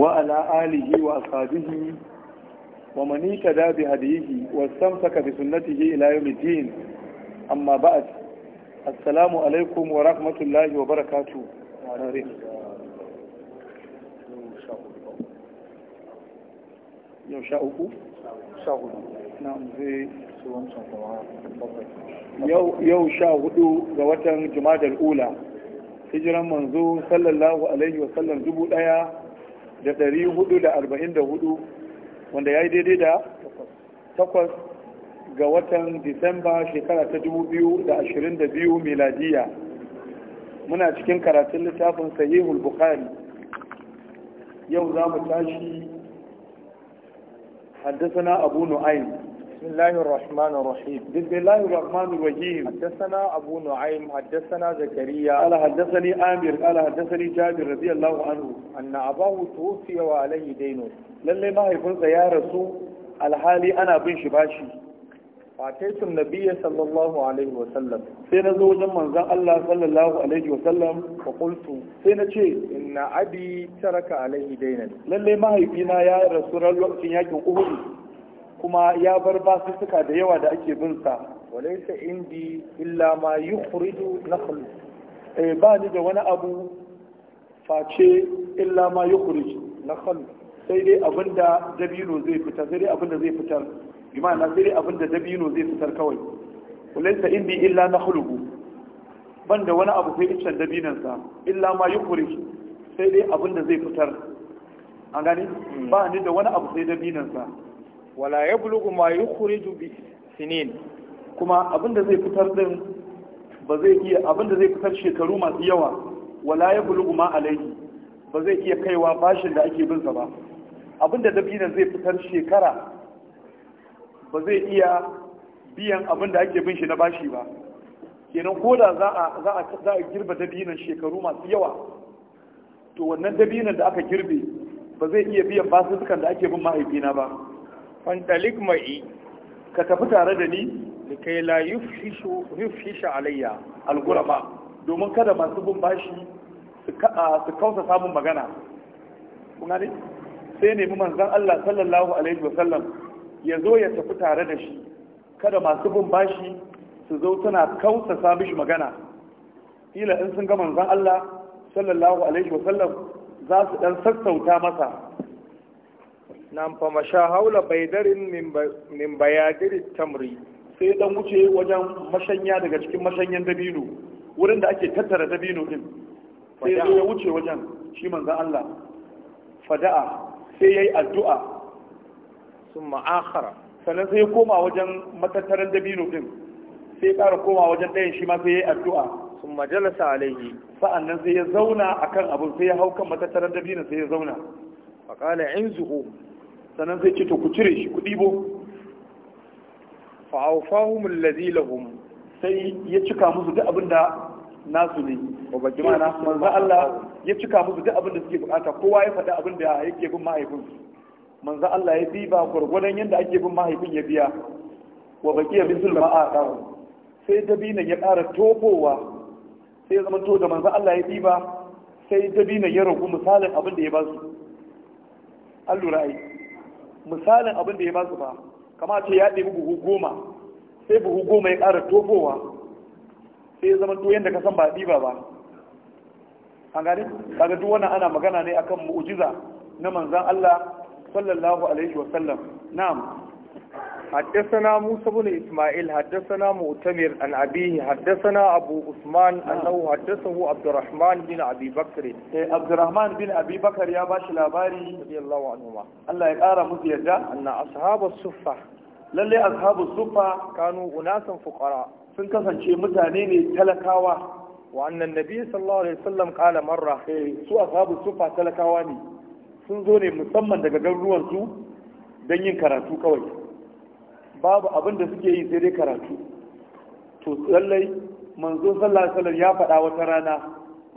وعلى آله وأصحابه ومن اهتدى بهديه واستمسك بسنته إلى يوم الدين أما بعد السلام عليكم ورحمة الله وبركاته yau sha'uku? sha'uku nan zai suwan sha'uku yau sha'uku ga watan jima'ar ula hijiran manzo sallallahu alaihi wasallam dubu daya da ɗari hudu da arba'in da hudu wanda ya yi daidai da takwas ga watan disamba shekara ta dubu biyu da ashirin da biyu miladiya muna cikin karatun littafin sahihul bukari yau za mu tashi haddasa na abu nu'ayin بسم الله الرحمن الرحيم بسم الله الرحمن الرحيم حدثنا أبو نعيم حدثنا زكريا قال حدثني آمر قال حدثني جابر رضي الله عنه أن أباه توفي وعليه دين للي ما يفرق يا رسول الحالي أنا بن شباشي فأتيت النبي صلى الله عليه وسلم سينا زوجا من ذا الله صلى الله عليه وسلم وقلت سينا شيء إن أبي ترك عليه دينا للي ما يفينا يا رسول الله يكون أهلي kuma ya bar basussuka da yawa da ake bin sa walaysa indi illa ma yukhriju nakhlu eh ba ni da wani abu face illa ma na nakhlu sai dai abinda dabino zai fitar sai dai abinda zai fitar bi ma'ana sai dai abinda dabino zai fitar kawai walaysa indi illa nakhluhu ban da wani abu sai iccen dabinansa illa ma yukhrij sai dai abinda zai fitar an gani hmm. ba ni da wani abu sai dabinansa wala ya bulugu ma yi kuriju bi sinin kuma abinda zai fitar din ba zai iya abinda zai fitar shekaru masu yawa wala ya bulugu ma alaihi ba zai iya kaiwa bashin da ake binsa ba abinda dabina zai fitar shekara ba zai iya biyan abinda ake bin shi na bashi ba kenan ko da za a girba dabinan shekaru masu yawa to wannan dabinan da aka girbe ba zai iya biyan dukan da ake bin mahaifina ba fantalik ma'i ka tafi tare da ni da kai la yufhisha alayya algurama domin kada masu bin bashi su kausa samun magana kuma ne sai nemi manzon Allah sallallahu alaihi wasallam ya zo ya tafi tare da shi kada masu bin bashi su zo suna kausa samun shi magana ila in sun ga manzon Allah sallallahu alaihi wasallam za su dan sassauta masa nan fa masha haula baidarin min bayadir tamri sai dan wuce wajen mashanya daga cikin mashanyan dabino wurin da ake tattara dabino din sai ya wuce wajen shi manzon Allah fada'a sai yayi addu'a sun akhara sannan sai ya koma wajen matattaran dabino din sai ya koma wajen ɗayan shi ma sai yayi addu'a Sun jalasa alaihi sa'annan sai ya zauna akan abun sai ya hau kan matattaran dabino sai ya zauna faqala inzuhu sannan zai ce to ku cire shi ku ɗibo fa'aufahum allazi lahum sai ya cika musu duk abinda nasu ne babban mana manzo Allah ya cika musu duk abinda suke bukata kowa ya faɗi abinda yake bin mahaifin manzo Allah ya diba gurgurdan yanda ake bin mahaifin ya biya wa baqiya bisul ma'ata sai dabinan ya ƙara tofowa sai ya zama to da manzo Allah ya diba sai dabinan ya ragu misalin abinda ya ba su an lura ai misalin abin da ya ba su ba kama ce ya ɗebi buhu goma sai buhu goma ya ƙara tofowa sai ya zama to yadda ka san ba ɗiba ba an gane kaga duk wannan ana magana ne akan mu'jiza na manzan Allah sallallahu alaihi wa sallam na'am حدثنا موسى بن اسماعيل حدثنا مؤتمر عن أبيه حدثنا ابو عثمان انه حدثه عبد الرحمن بن ابي بكر عبد الرحمن بن ابي بكر يا باش لاباري رضي الله عنهما الله يقارى مزيدا ان اصحاب الصفه للي اصحاب الصفه كانوا أناسا فقراء سنكسن شيء متانين تلكاوة وأن النبي صلى الله عليه وسلم قال مرة سوء أصحاب الصفة تلكاواني sun zo ne musamman daga garuruwansu don yin karatu kawai babu abin da suke yi sai dai karatu to lallai manzo sallallahu alaihi wasallam ya faɗa wata rana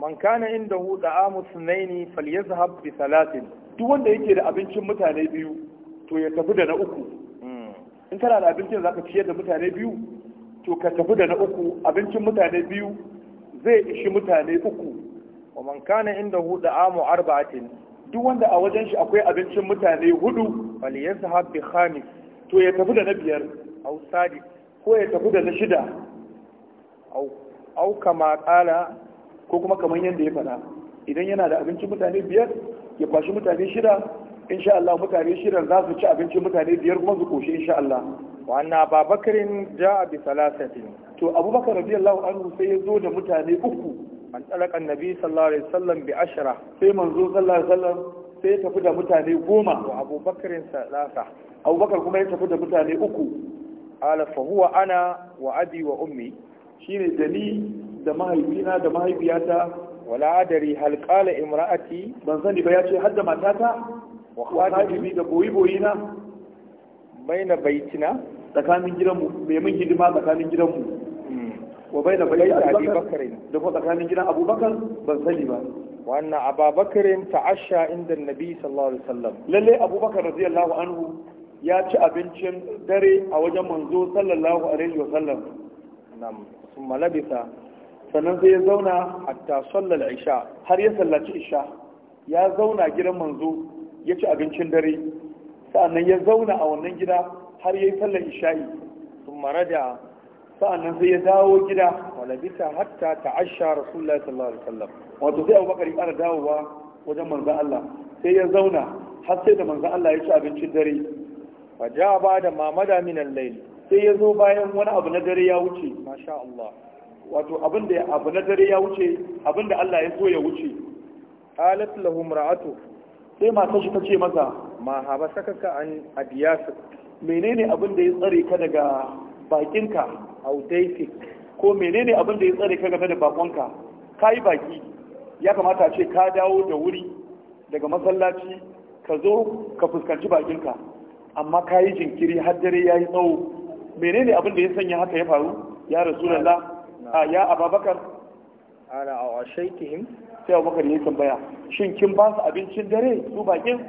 man kana indahu amu sunaini falyazhab bi salatin duk wanda yake da abincin mutane biyu to ya tafi da na uku hmm. in kana da abincin zaka ciyar da mutane biyu to ka tafi da na uku abincin mutane biyu zai ishi mutane uku wa man kana da amu arba'atin duk wanda a wajen shi akwai abincin mutane hudu falyazhab bi khamis to ya tafi da na biyar au sadi ko ya tafi da na shida au kama kala ko kuma kamar yadda ya faɗa idan yana da abincin mutane biyar ya kwashi mutane shida insha Allah mutane shida za su ci abincin mutane biyar kuma su koshi insha Allah wa anna babakarin ja'a bi salasatin to abubakar radiyallahu anhu sai ya zo da mutane uku an talaka annabi sallallahu alaihi wasallam bi ashra sai manzo sallallahu alaihi wasallam sai ya tafi da mutane goma wa abubakarin salasa abubakar kuma ya tafi da mutane uku ala fahuwa ana wa abi wa ummi shine da ni da mahaifina da mahaifiyata wala adari hal imra'ati ban sani ba yace hadda matata wa khadimi da boyi boyi na baina baitina tsakanin gidanmu mai mun hidima tsakanin gidanmu hmm. wa baina baitina abi bakar da ko tsakanin gidan abubakar ban sani ba wannan ababakarin ta'asha inda nabi sallallahu alaihi wasallam lalle abubakar radiyallahu anhu ya ci abincin dare a wajen manzo sallallahu alaihi wasallam nam sun malabisa sannan sai ya zauna a hatta sallal isha har ya sallaci isha ya zauna gidan manzo ya ci abincin dare sa'annan ya zauna a wannan gida har ya yi sallar isha'i sun marada sa'annan sai ya dawo gida malabisa hatta ta'asha rasulullahi sallallahu alaihi wasallam wato sai abubakar ya ana dawowa wajen manza Allah sai ya zauna har sai da manza Allah ya ci abincin dare fa ja ba da mamada minan layl sai ya zo bayan wani abu na dare ya wuce masha Allah wato abin da abu na dare ya wuce abin da Allah ya so ya wuce qalat lahu mar'atu sai matar shi ta ce masa ma haba sakaka an adiyas menene abin da ya tsare ka daga bakinka audaitik ko menene abin da ya tsare ka daga da bakonka kai baki ya kamata ce ka dawo da wuri daga masallaci ka zo ka fuskanci bakinka amma ka yi jinkiri har dare ya yi tsawo menene abin da ya sanya haka ya faru ya rasulallah a ya ababakar ana a ashaitihim sai abubakar ya tambaya shin kin ba su abincin dare su bakin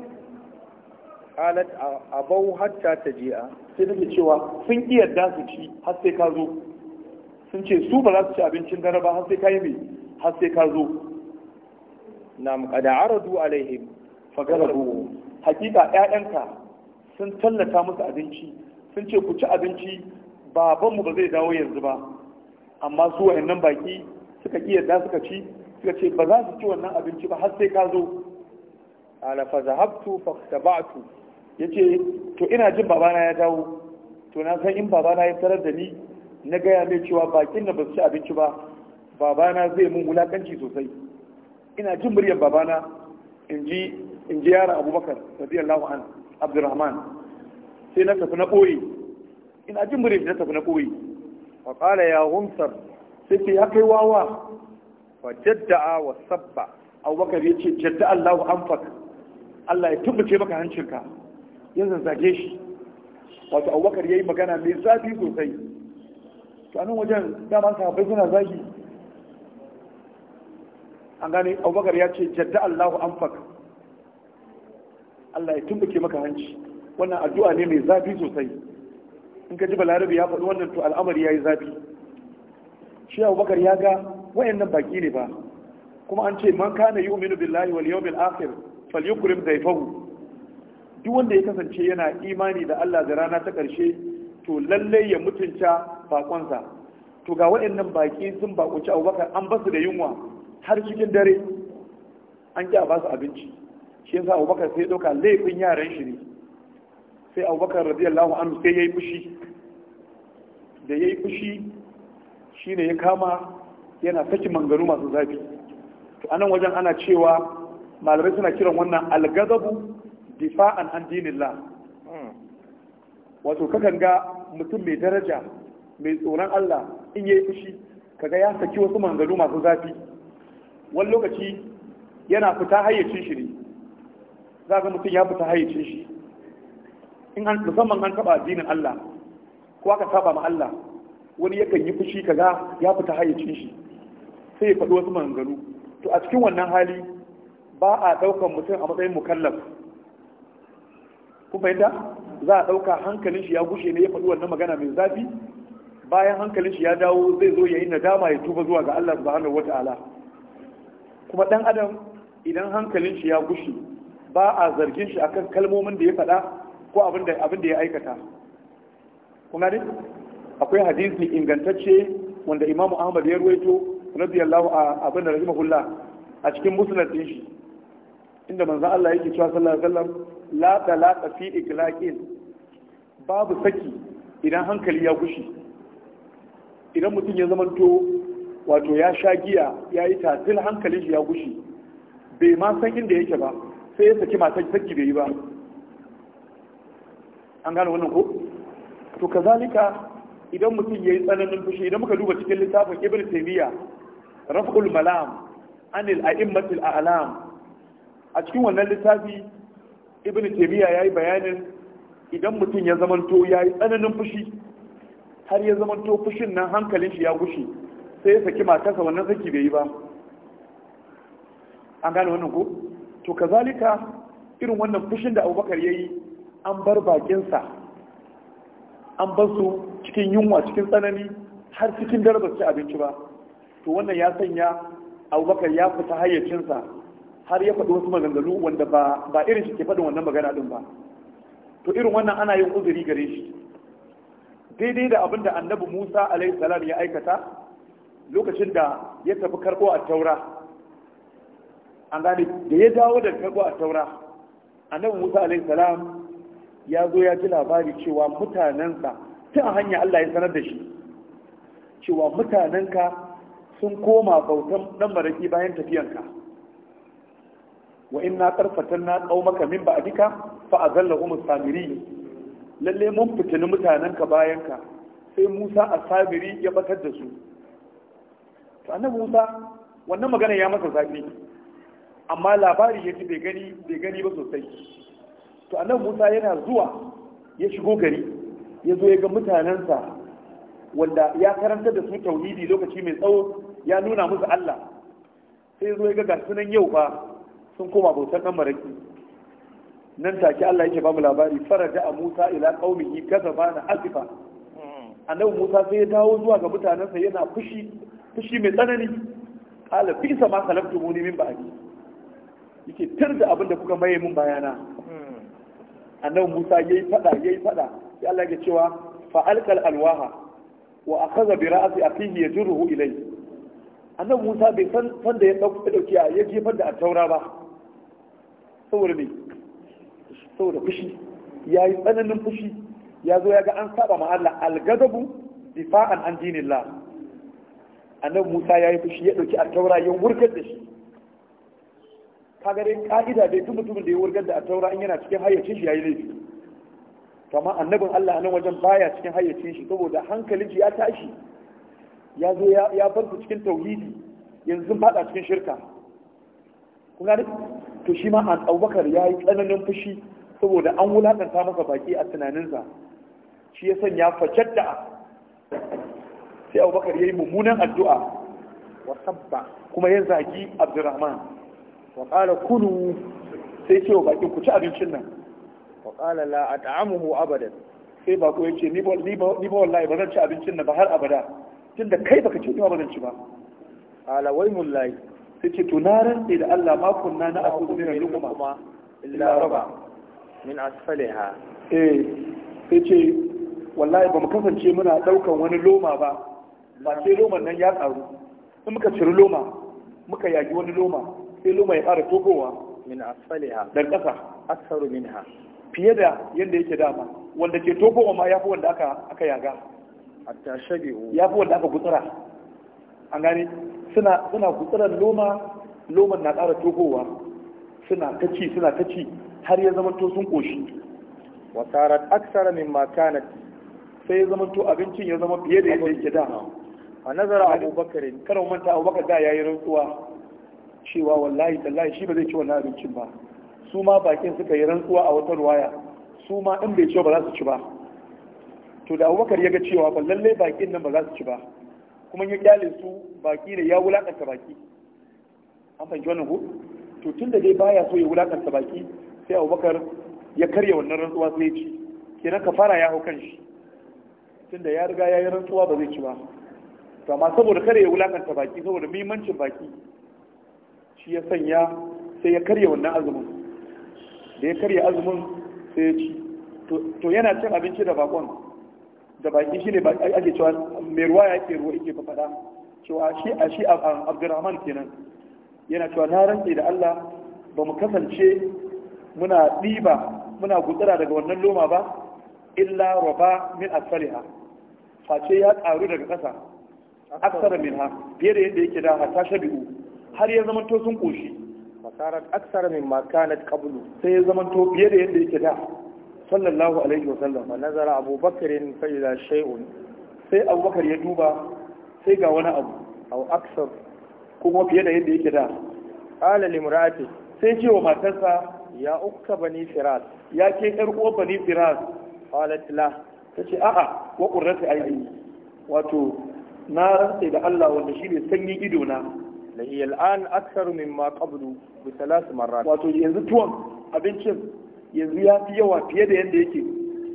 qalat abau hatta ta jiya. sai nake cewa sun iya da su ci har sai ka zo sun ce su ba za su ci abincin dare ba har sai ka yi mai, har sai ka zo nam qad aradu alaihim fagalabu hakika ƴaƴanka sun tallata musu abinci sun ce ku ci abinci babanmu ba zai dawo yanzu ba amma su wayannan baki suka ki yadda suka ci suka ce ba za su ci wannan abinci ba har sai ka zo ala fa zahabtu fa tabatu yace to ina jin babana ya dawo to na san in babana ya tarar da ni na gaya mai cewa bakin da ba su ci abinci ba babana zai mun wulakanci sosai ina jin muryar babana in ji yara abubakar radiyallahu an abdurrahman sai na tafi na ɓoye ina jin muryar na tafi na ɓoye fa ya humsar sai ce ya kai wawa fa jadda'a wa sabba abubakar ya ce jadda allahu anfak allah ya tubuce maka hancinka yanzu zage shi wato abubakar ya yi magana mai zafi sosai to nan wajen dama sahabbai suna zagi an gane abubakar ya ce jadda allahu an faka allah ya tumbuke maka hanci wannan addu'a ne mai zafi sosai in ka ji balarabe ya faɗi wannan to al'amari ya yi zafi shi abubakar ya ga nan baki ne ba kuma an ce man kana yu'minu billahi wal bil akhir ya fahu duk wanda ya kasance yana imani da Allah da rana ta karshe to lalle ya mutunta baƙonsa. to ga waɗannan baki sun baƙunci Abubakar an basu da yunwa har cikin dare an ƙi a ba su abinci shi yasa abubakar sai ɗauka laifin yaran shi ne sai abubakar radiyallahu anhu sai ya yi fushi da ya yi fushi shi ne ya kama yana saki manganu masu zafi to anan wajen ana cewa malamai suna kiran wannan algazabu difa'an an dinillah wato kakan ga mutum mai daraja mai tsoron Allah in yayi fushi kaga ya saki wasu manganu masu zafi wani lokaci yana fita hayyacin shi ne za ga mutum ya fita hayyacin shi in an musamman an taba addinin Allah ko aka saba ma Allah wani yakan yi fushi kaga ya fita hayyacin shi sai ya faɗi wasu maganganu to a cikin wannan hali ba a ɗaukar mutum a matsayin mukallaf Kuma yadda za a ɗauka hankalin shi ya gushe ne ya faɗi wannan magana mai zafi bayan hankalin shi ya dawo zai zo ya yi nadama ya tuba zuwa ga Allah subhanahu wata'ala kuma dan adam idan hankalin shi ya gushi, ba a zargin shi akan kalmomin da ya faɗa ko abin da ya aikata kuma ne akwai hadisi ingantacce wanda Imam Ahmad ya ruwaito radiyallahu abin da rahimahullah a cikin musulun din shi inda manzon Allah yake cewa sallallahu alaihi wasallam la talaqa fi iklaqin babu saki idan hankali ya gushi. idan mutum ya zamanto wato ya sha giya ya yi tatil hankalin shi ya gushi bai ma san inda yake ba sai ya saki matan saki bai yi ba an gane wannan ko to kazalika idan mutum ya yi tsananin fushi idan muka duba cikin littafin ibn taymiya raf'ul malam anil a'immatil a'lam a cikin wannan littafi ibn taymiya yayi bayanin idan mutum ya zamanto yayi tsananin fushi har ya zamanto fushin nan hankalin shi ya gushi sai ya saki matarsa wannan saki bai yi ba an gane wannan ko to kazalika irin wannan fushin da abubakar ya yi an bar bakinsa an bar su cikin yunwa cikin tsanani har cikin darabar ci abinci ba to wannan ya sanya abubakar ya fita hayyacinsa har ya faɗi wasu maganganu wanda ba irin shi ke faɗin wannan magana ɗin ba to irin wannan ana yin uzuri gare shi daidai da abin da annabi musa alaihi salam ya aikata lokacin da ya tafi karbo a taura an gane da ya dawo da karbo a taura annabi musa alaihi salam ya zo ya ji labari cewa mutanensa ta hanya allah ya sanar da shi cewa mutanenka sun koma bautan dan maraki bayan tafiyanka wa inna tarfatan na qaumaka min ba'dika fa azallahum as-samiri lalle mun fitini mutanenka bayanka sai Musa a samiri ya batar da su to annabi Musa wannan magana ya masa zafi amma labari ya bai gani bai gani ba sosai to annabi Musa yana zuwa ya shigo gari ya zo ya ga mutanensa wanda ya karanta da su tauhidi lokaci mai tsawo ya nuna musu Allah sai ya zo ya ga ga sunan yau ba sun koma bautar dan maraki nan take Allah yake mu labari faraja a Musa ila qaumihi ba na asifa hmm. annabi Musa sai ya dawo zuwa ga mutanensa yana fushi fushi mai tsanani ƙala fi isa ma muni min ba'di yake tir da abin da kuka maye min bayana annabi Musa yayi fada yayi fada sai Allah ya cewa fa alqal alwaha wa akhadha bi ra'si akhihi ilai? A annabi Musa bai san da ya dauki ya jefar da attaura ba saboda me saboda fushi ya yi tsananin fushi ya zo ya ga an saba ma Allah algadabu difa'an an dinillah annabi Musa ya yi fushi ya ɗauki attaura ya wurgar da shi kagarin dai ka'ida dai duk mutumin da ya wurgar da attaura in yana cikin hayyacin shi ya yi laifi to amma annabin Allah nan wajen baya cikin hayyacin shi saboda hankalin shi ya tashi ya zo ya bar su cikin tauhidi yanzu faɗa cikin shirka kun gani to shi ma Abubakar ya yi tsananin fushi saboda an wulaƙanta masa baki a tunaninsa shi ya sanya fajatta sai abubakar ya yi mummunan addu'a wasabba kuma ya zagi abdurrahman wa ƙala kunu sai ce wa baƙin ku ci abincin nan wa ƙala la a ta'amuhu abadan sai ba ya ce ni ba wallahi ba zan ci abincin nan ba har abada tun da kai baka ce ni ba zan ci ba ƙala wai mullahi sai ce to na rantse da Allah makon na na aku zuwa kuma. illa raba min ha. eh sai ce wallahi ba mu kasance muna ɗaukan wani loma ba ba sai loman nan ya karu in muka ciri loma muka yagi wani loma sai loma ya ƙara tokowa min asfaliha dan ƙasa asaru minha fiye da yanda yake dama wanda ke tokowa ma yafi wanda aka aka yaga hatta shabihu yafi wanda aka gutsura an gane suna suna gutsuran loma loman na ƙara tokowa suna ta ci suna ta ci har ya zama to sun koshi wasarat aksara min kanat sai ya zama to abincin ya zama fiye da yake dama a nazara abu bakari kada mu manta abu bakari da yayi rantsuwa cewa wallahi tallahi shi ba zai ci wannan abincin ba su ma bakin suka yi rantsuwa a wata ruwaya su ma in bai ci ba za su ci ba to da abubakar ya ga cewa ba lalle bakin nan ba za su ci ba kuma ya kyale su baki ne ya wulakanta baki an fahimci wannan ku to tun da dai baya so ya wulakanta baki sai abubakar ya karya wannan rantsuwa sai ya ci kenan kafara ya hau kan shi da ya riga ya yi rantsuwa ba zai ci ba to amma saboda kare ya wulakanta baki saboda muhimmancin baki shi ya sanya sai ya karya wannan azumin da ya karya azumin sai ya ci to yana cin abinci da bakon da baki shine ake cewa mai ruwa ya ke ruwa yake faɗa cewa shi a shi abdurrahman kenan yana cewa na rantse da Allah ba mu kasance muna ɗiba muna gutsira daga wannan loma ba illa raba min asfaliha face ya karu daga ƙasa aksar min ha. fiye da yadda yake da hatta shabi'u har ya zama to sun koshi fasarat aksar min ma kanat qablu sai ya zama to fiye da yadda yake da sallallahu alaihi wa sallam fa nazara abubakar fa ila shaun. sai abubakar ya duba sai ga wani abu A aksar kuma fiye da yadda yake da qala limraati sai ce wa matarsa ya uka bani firas ya ke yar uwa bani firas qalat Ta ce a'a wa qurratu ayni wato na rantsa da Allah wanda shi ne sanyin ido na lahi al'an aksaru mimma qablu bi thalath marrat wato yanzu tuwon abincin yanzu ya fi yawa fiye da yanda yake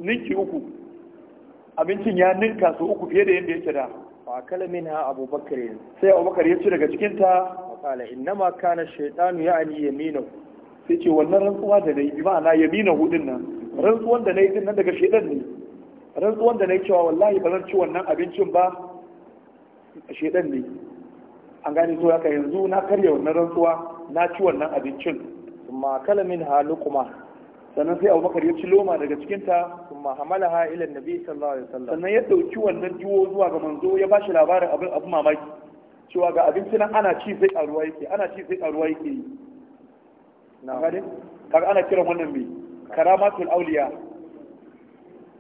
ninki uku abincin ya ninka su uku fiye da yanda yake da fa kala minha abubakar sai abubakar ya ci daga cikin ta qala innama kana shaytanu ya'ni yaminu sai ce wannan rantsuwa da dai bi ma'ana yaminu hudin nan rantsuwan da nayi din nan daga shaytan ne rantsuwan da nayi cewa wallahi ba zan ci wannan abincin ba shedan ne an gane to haka yanzu na karya wannan rantsuwa na ci wannan abincin ma kalamin halukuma sannan sai Abu Bakar ya ci loma daga cikin ta kuma hamalaha ila Nabi sallallahu alaihi wasallam sannan ya dauki wannan jiwo zuwa ga manzo ya ba shi labarin abin abu mamaki cewa ga abinci nan ana ci sai karuwa yake ana ci sai karuwa yake na gane kaga ana kiran wannan me karamatul auliya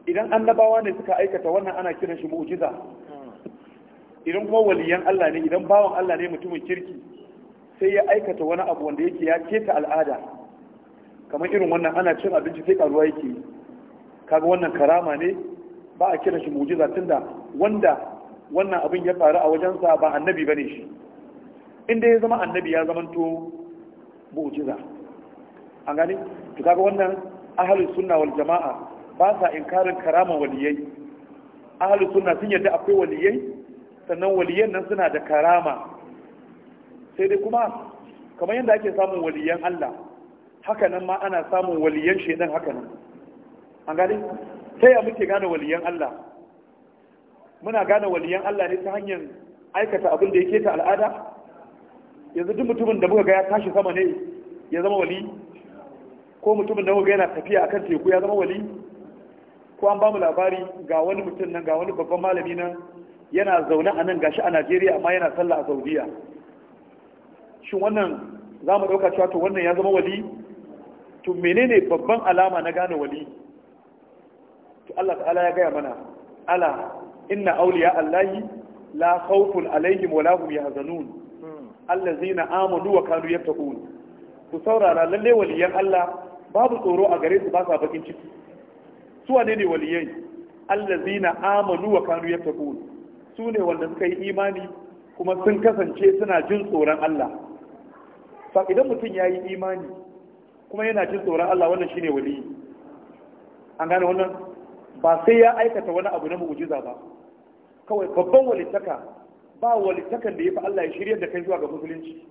idan annabawa ne suka aikata wannan ana kiran shi mu'jiza idan kuma waliyan Allah ne idan bawan Allah ne mutumin kirki sai ya aikata wani abu wanda yake ya keta al'ada kamar irin wannan ana cin abinci sai karuwa yake kaga wannan karama ne ba a kira shi mujiza tunda wanda wannan abin ya faru a wajensa ba annabi bane shi inda ya zama annabi ya to mujiza an gani to kaga wannan ahlus sunna wal jama'a ba sa inkarin karaman waliyai ahlus sunna sun yadda akwai waliyai sannan waliyan nan suna da karama sai dai kuma kamar yadda ake samun waliyan Allah haka nan ma ana samun waliyan shedan haka nan an gane sai ya muke gane waliyan Allah muna gane waliyan Allah ne ta hanyar aikata abin da yake ta al'ada yanzu duk mutumin da muka ga ya tashi sama ne ya zama wali ko mutumin da muka ga yana tafiya akan teku ya zama wali ko an ba mu labari ga wani mutum nan ga wani babban malami nan yana zaune a nan gashi a najeriya amma yana sallah a saudiya shin wannan za mu ɗauka cewa to wannan ya zama wali to menene babban alama na gane wali to Allah ta'ala ya gaya mana ala inna awliya allahi la khawfun alaihim wa lahum yahzanun allazina amanu wa kanu yattaqun ku saurara lalle waliyan Allah babu tsoro a gare su ba sa bakin ciki su wane ne waliyai allazina amanu wa kanu yattaqun su ne wanda suka yi imani kuma sun kasance suna jin tsoron Allah fa idan mutum ya yi imani kuma yana jin tsoron Allah wannan shine wali an gane wannan ba sai ya aikata wani abu na mu'ujiza ba kawai babban walittaka ba walittakan da ya fi Allah ya shirya da kai zuwa ga musulunci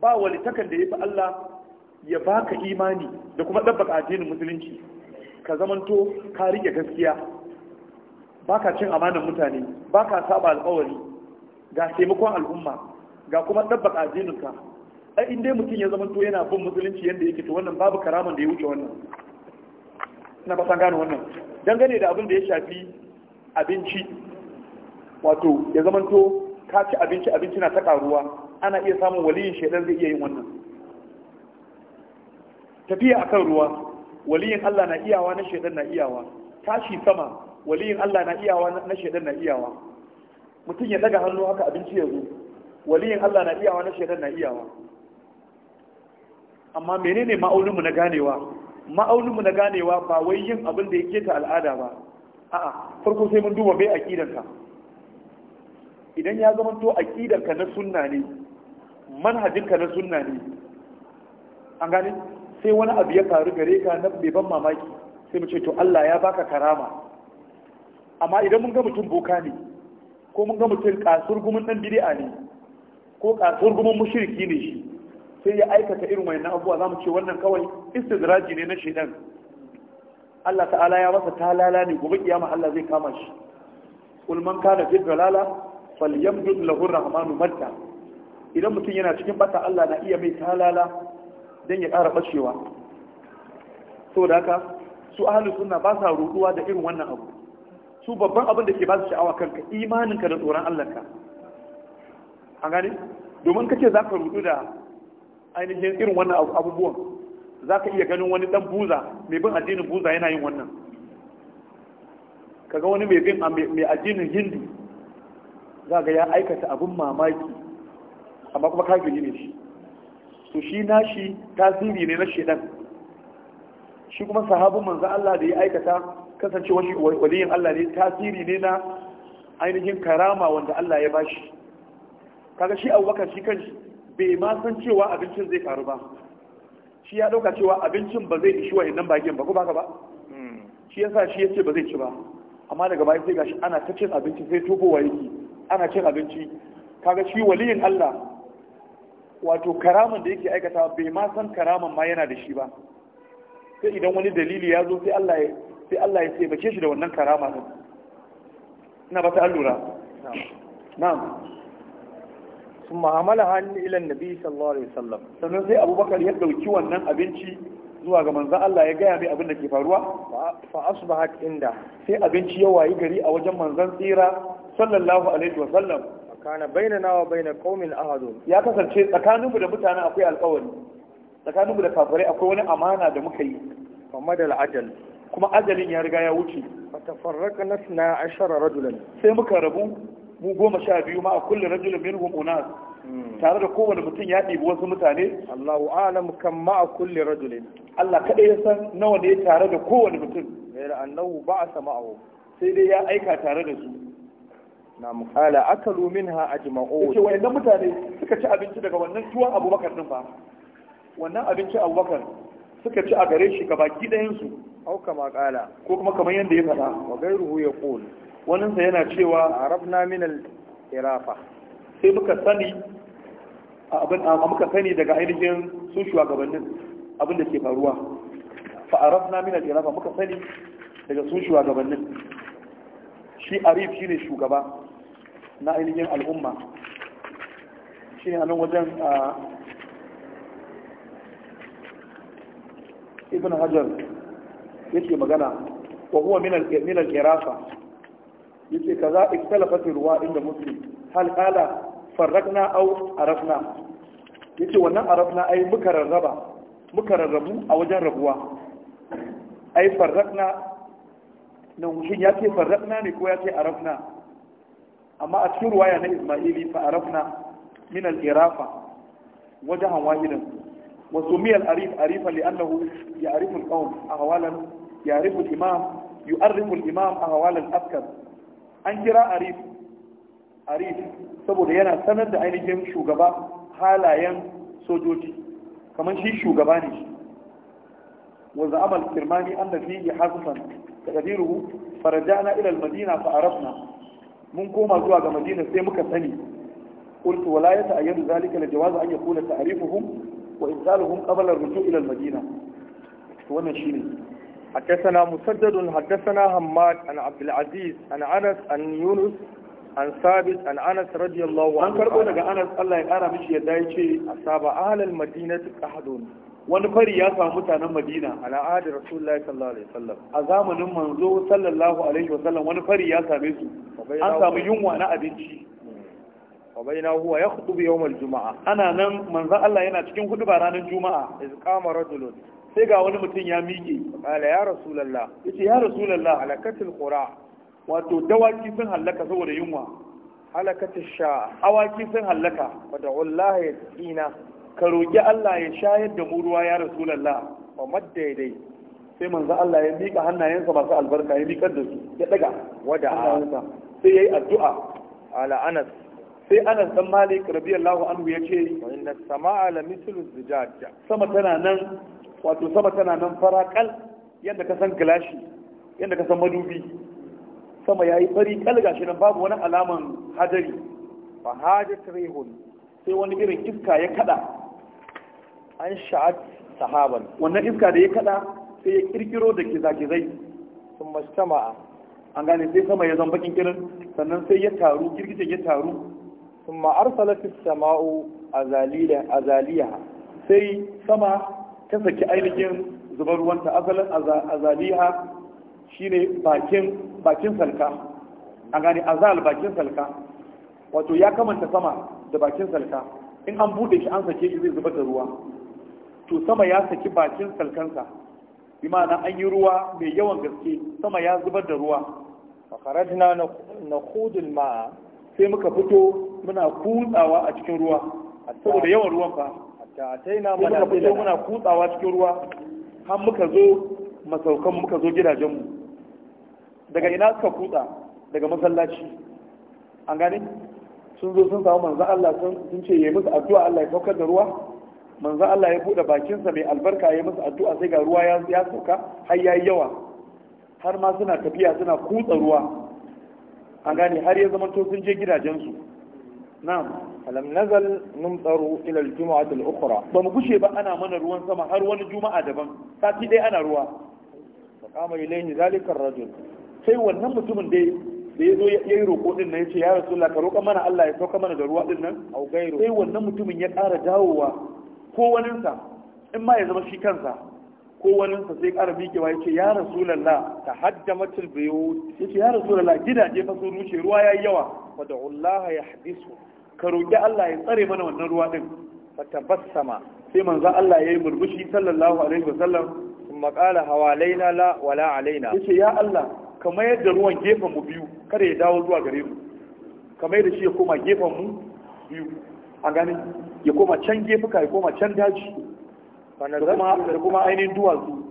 ba walittakan da ya fi Allah ya baka imani da kuma ɗabbaka addinin musulunci ka zamanto ka rike gaskiya Ba ka cin amanin mutane ba ka saba alƙawari ga taimakon al'umma ga kuma ɗabbaƙa addininka ai in dai mutum ya zama to yana bin musulunci yadda yake to wannan babu karaman da ya wuce wannan ina ba san gane wannan dangane da abin da ya shafi abinci wato ya zama to ka ci abinci abinci na ta karuwa ana iya samun waliyin shaidan zai iya yin wannan tafiya akan ruwa waliyin Allah na iyawa na shaidan na iyawa tashi sama waliyin Allah na iyawa na shaidan na iyawa mutum ya daga hannu haka abinci ya zo waliyin Allah na iyawa na shaidan na iyawa amma menene ma'auninmu na ganewa ma'auninmu na ganewa ba wai yin abin da yake ta al'ada ba a'a farko sai mun duba bai aqidanka idan ya zama to aqidanka na sunna ne manhajinka na sunna ne an gane sai wani abu ya faru gare ka na bai ban mamaki sai mu ce to Allah ya baka karama amma idan mun ga mutum boka ne ko mun ga mutum kasur gumin dan bid'a ne ko kasur gumin mushriki ne shi sai ya aikata irin wayannan abubuwa zamu ce wannan kawai istidraji ne na shaitan Allah ta'ala ya masa talala ne gobe kiyama Allah zai kama shi kul man kana fi dalala falyamdud lahu rahmanu madda idan mutum yana cikin bata Allah na iya mai talala dan ya ƙara bacewa saboda haka su ahlus sunna ba sa ruduwa da irin wannan abu su babban abin da ke ba su sha'awa kanka ka da tsoron ka. an gani? domin kace za ka rudu da ainihin irin wannan abubuwan za ka iya ganin wani dan buza mai bin addinin buza yana yin wannan kaga wani mai bin mai addinin hindu za ga ya aikata abin mamaki amma kuma ka gini ne shi to shi nashi tasiri ne na shedan shi kuma sahabin manzo Allah da ya aikata kasance waliyin Allah ne tasiri ne na ainihin karama wanda Allah ya bashi kaga shi abubakar shi kanshi bai ma san cewa abincin zai faru ba shi ya dauka cewa abincin ba zai ishi nan bakin ba ko baka ba hmm. shi ya sa shi ya ce ba zai ci ba amma daga baya sai gashi ana ta cin abinci sai wa yake ana cin abinci kaga shi waliyin Allah wato karaman da yake aikata bai ma san karaman ma yana da shi ba sai idan wani dalili ya zo sai Allah ya. sai Allah ya taimake shi da wannan karama din ina ba ta allura na'am sun ma'amala hannu ilan nabi sallallahu alaihi wasallam sannan sai abubakar ya dauki wannan abinci zuwa ga manzan Allah ya gaya mai abin da ke faruwa fa asbahat inda sai abinci ya wayi gari a wajen manzan tsira sallallahu alaihi wa sallam kana bainana wa baina qaumin ahadu. ya kasance tsakaninmu da mutanen akwai alƙawari tsakaninmu da kafirai akwai wani amana da muka yi kamar da al'ajal kuma ajalin ya riga ya wuce fatafarraka nasna ashara rajulan sai muka rabu mu goma sha biyu ma a kullu rajulin minhum unas hmm. tare da kowane mutum ya ɗibi wasu mutane Allahu a'lam kam ma a kulle rajulin Allah kaɗai ya san nawa ne tare da kowane mutum ghayra annahu ba'asa ma'ahu sai dai ya aika tare da su na mukala akalu minha ajma'u yace wayannan mutane suka ci abinci daga wannan tuwon Abubakar din ba wannan abinci Abubakar suka ci a gare shi baki ɗayan su au kama kala ko kuma kamar yadda ya faɗa wa gairuhu ya qul wannan sa yana cewa arabna min al irafa sai muka sani abin muka sani daga ainihin sun shugabannin abin da ke faruwa fa arabna min al irafa muka sani daga sun shugabannin shi arif shine shugaba na ainihin al'umma shine a nan wajen ibn hajar yake magana wa huwa min al-qirafa yace kaza ikhtalafat ruwa inda muslim hal qala farraqna aw arafna yace wannan arafna ai muka rarraba muka rarrabu a wajen rabuwa ai farraqna nan shin yace farraqna ne ko ya ce arafna amma a cikin ruwaya na Isma'ili fa arafna min al-qirafa wajahan wahidan wasu miyar al-arif arifa li annahu ya'rifu al-qawm ahwalan يعرف الإمام a Hawa أهوال الأبكر an kira arif saboda yana sanar da ainihin shugaba halayen sojoji kamar shi shugaba ne shi wanda amal kirmani an da fiye hazufan da ƙadiruhu farajana ilal madina fa arafna mun koma zuwa ga madina sai muka sani qultu wala yata'ayyadu zalika la jawaza an yakuna ta'rifuhum wa isaluhum qabla ar-ruju' ila al-madina to wannan shine حدثنا مسدد حدثنا حماد عن عبد العزيز عن انس عن يونس عن ثابت عن انس رضي الله عنه ان كربو daga انس الله ya kara mishi yadda yace asaba ahlal madinati qahadun wani fari ya samu mutanen Madina ala adi rasulullahi sallallahu alaihi wasallam a zamanin manzo sallallahu alaihi wasallam wani fari ya same su an samu yunwa na abinci وبين هو يخطب يوم الجمعة أنا نم من ذا الله ينا تكين خطبة رانا الجمعة إذ قام رجل sai ga wani mutum ya miƙe Kala ya rasulallah yace ya rasulallah halakatul qura wato dawaki sun halaka saboda yunwa halakatul sha awaki sun halaka wada wallahi ya tsina ka roki Allah ya shayar da mu ruwa ya rasulallah wa dai, sai manzo Allah ya miƙa hannayensa masu albarka ya miƙar da su ya daga wada sai yayi addu'a ala Anas sai anas dan malik radiyallahu anhu ya ce inna sama'a la mithlu zujaj sama tana nan wato sama tana nan farakal yadda ka san gilashi yadda ka san madubi sama ya yi fari kal gashi nan babu wani alaman hadari ba hajji rihun sai wani irin iska ya kada an sha'ad sahaban wannan iska da ya kada sai ya kirkiro da kizakizai sun mastama. an gane sai sama ya zamba bakin sannan sai ya taru girgijen ya taru sun ma'arsalafis sama'u zaliya, sai sama ta saki ainihin zubar ta asalin azaliha shine bakin bakin salka a gane azal bakin salka wato ya kamanta sama da bakin salka in an bude shi an sake shi zai zubar da ruwa to sama ya saki bakin salkansa bi ma'ana an yi ruwa mai yawan gaske sama ya zubar da ruwa fakarajina na kudin ma sai muka fito muna kutsawa a cikin ruwa saboda yawan ruwan fa ta na mana fito muna kutsawa cikin ruwa har muka zo masaukan muka zo gidajenmu daga ina suka kutsa daga masallaci an gani. sun zo sun samu manzo Allah sun ce yayi musu addu'a Allah ya saukar da ruwa manzo Allah ya buɗe bakinsa mai albarka yayi musu addu'a sai ga ruwa ya ya sauka har yi yawa har ma suna tafiya suna kutsa ruwa an gani har ya zama to sun je gidajensu na'am alam nazal numtaru ila al-jum'ah al-ukhra ba mu gushe ba ana mana ruwan sama har wani juma'a daban sati dai ana ruwa fa qama ilayhi zalika ar-rajul sai wannan mutumin dai da ya zo ya yi roƙo din nan yace ya rasulullah ka roƙa mana Allah ya sauka mana da ruwa din nan au gairu sai wannan mutumin ya ƙara dawowa ko waninsa in ma ya zama shi kansa ko waninsa sai ƙara miƙewa yace ya rasulullah ta haddamatul buyut yace ya rasulullah gidaje fa sun rushe ruwa yayi yawa Fa wa da'ullaha yahdisu ka roƙi Allah ya tsare mana wannan ruwa ɗin, tabbas sama. sai manzo Allah ya yi murmushi sallallahu alaihi wa sallam, kuma qala hawalaina la wala alaina yace ya Allah ka mayar da ruwan gefen mu biyu kada ya dawo zuwa gare mu ka mayar da shi ya koma gefen mu biyu a gani ya koma can gefuka ya koma can daji da kuma ainihin duwatsu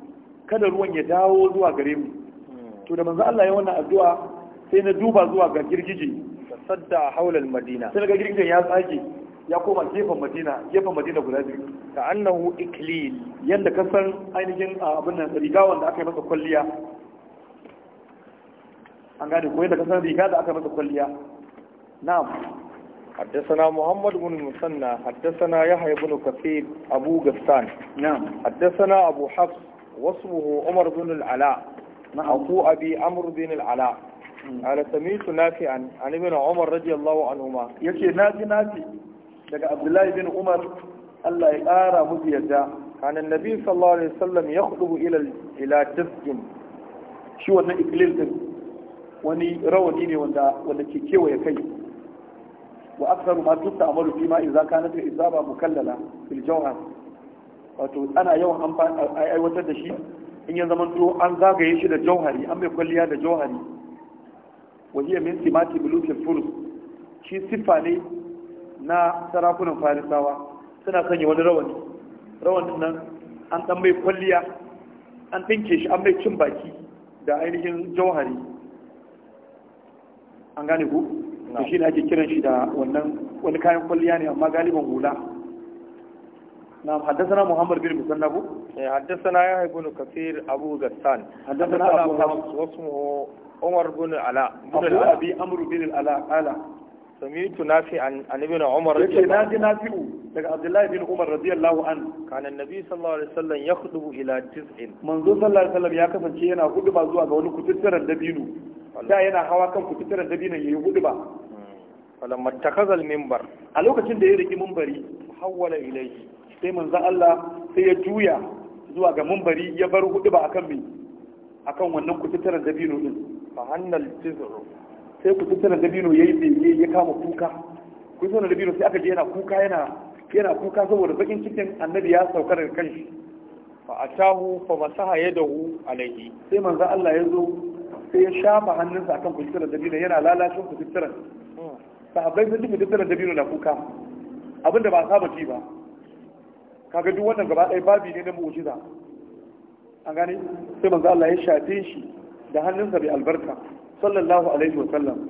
kada ruwan ya dawo zuwa gare mu hmm. to da manzo Allah ya wannan addu'a sai na duba zuwa ga girgije sadda haulal madina sai daga girgin ya tsage ya koma gefen madina gefen madina guda biyu ka annahu iklil yanda ka san ainihin abin nan rigawan da aka yi masa kwalliya an gane ko yadda ka san riga da aka yi masa kwalliya na'am حدثنا محمد بن المثنى حدثنا يحيى بن كثير أبو غسان نعم حدثنا أبو حفص واسمه عمر بن العلاء نعم. أبو أبي عمرو بن العلاء ala Samisu nafi an an ibn umar radiyallahu anhuma yace nafi nafi daga abdullahi bin umar Allah ya ƙara musu yadda kan annabi sallallahu alaihi wasallam ya khudubu ila ila dafjin shi wannan iklil din wani rawani ne wanda wanda ke kewaye kai wa aksaru ma tutta amalu fi ma idza kanat izaba mukallala fil jawhar wato ana yawan amfani aiwatar da shi in ya zama to an zagaye shi da jauhari an mai kwalliya da jauhari wahiya min timati bulukin furus shi siffa ne na sarakunan farisawa suna sanya wani rawani rawanin nan an dan mai kwalliya an tinke shi an mai cin baki da ainihin jauhari an gane ku to shi ne ake kiran shi da wannan wani kayan kwalliya ne amma galiban hula نعم حدثنا محمد بن مسنب حدثنا يحيى بن كثير ابو غسان حدثنا ابو واسمه umar bin ala bin abi amru bin ala ala سمعت نافعا عن, عن ابن عمر يكي نادي نافع لك عبد الله بن عمر رضي الله عنه كان النبي صلى الله عليه وسلم يخطب إلى تسع منذ صلى الله عليه وسلم يكفى شيئا خطبة زوا قولوا كتسر الدبينو دا ينا هوا كم كتسر الدبينو يخطبة فلما اتخذ المنبر ألوك تند يريك منبري حول إليه sai manzo Allah sai ya juya zuwa ga mumbari ya bar hudu ba akan mai akan wannan kututturen dabino din fa hannal tizru sai kututturen dabino yayi bege ya kama kuka kututturen dabino sai aka je yana kuka yana yana kuka saboda bakin cikin annabi ya sauka daga kanshi fa atahu fa masaha yadahu alaihi sai manzo Allah ya zo sai ya shafa hannunsa akan kututturen dabino yana lalashin kututturen hmm. sahabbai sun ji kututturen dabino na kuka abinda ba saba ji ba kaga duk wannan gaba ɗaya babi ne na mu'jiza an gane sai manzo Allah ya shafe shi da hannunsa bai albarka sallallahu alaihi wa sallam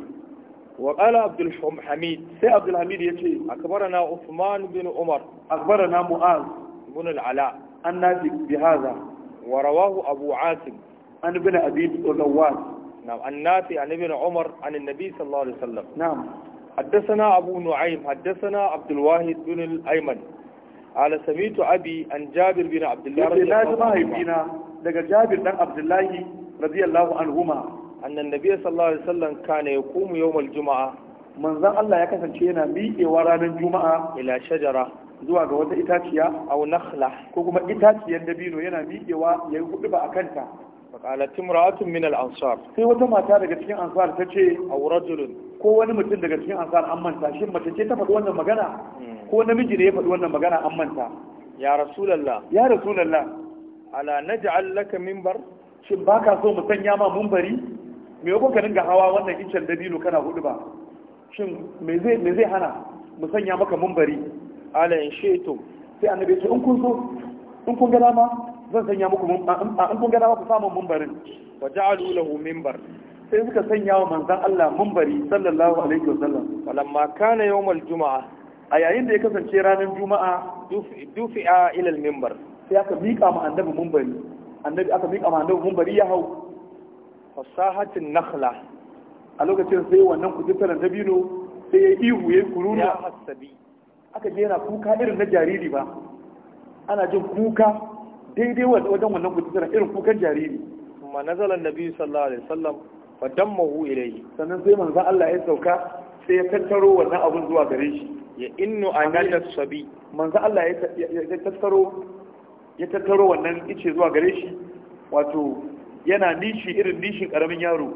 wa qala abdul hamid sai abdul hamid yace akbarana uthman bin umar akbarana mu'az bin al-ala annabi bi hadha wa rawahu abu asim an bin abi dawud نعم النافي عن ابن عمر عن النبي صلى الله عليه وسلم نعم حدثنا أبو نعيم حدثنا عبد الواحد بن الأيمن ala samitu abi an jabir bin abdullahi na ji mahaifina daga jabir dan abdullahi radiyallahu anhuma annan nabiy sallallahu alaihi wasallam kana yaqumu yawmal juma'a manzon Allah ya kasance yana miƙewa ranar juma'a ila shajara zuwa ga wata itaciya aw nakhla ko kuma itaciyar dabino yana miƙewa yayi hudu ba kanta? faqalat imra'atun min al-ansar sai wata mata daga cikin ansar tace aw rajulun ko wani mutum daga cikin ansar an manta shi mace ce ta faɗi wannan magana hmm. ko namiji ne ya faɗi wannan magana an manta ya rasulallah ya rasulallah ala naj'al laka minbar shin baka so mu sanya ma munbari me yau ka dinga hawa wannan da dabino kana hudu ba shin me zai me zai hana mu sanya maka munbari ala in shaitu sai annabi ce in kun so in kun ga dama zan sanya muku in kun ga dama ku samu munbarin wa ja'alu lahu minbar sai suka sanya wa manzan Allah mumbari sallallahu alaihi wa wasallam falamma kana yawmal juma'a a yayin da ya kasance ranar juma'a dufi'a ilal mimbar sai aka miƙa ma annabi mumbari annabi aka miƙa ma annabi mumbari ya hau fasahatin nakhla a lokacin sai wannan kujittaran dabino sai ya ihu ya kururu ya hasabi aka je yana kuka irin na jariri ba ana jin kuka daidai wajen wannan kujittaran irin kukan jariri ma nazalan nabi sallallahu alaihi wasallam fadammahu ilayhi sannan sai manzo Allah ya sauka sai ya tattaro wannan abun zuwa gare shi ya innu analla sabi manzo Allah ya tattaro ya tattaro wannan ice zuwa gare shi wato yana nishi irin nishin karamin yaro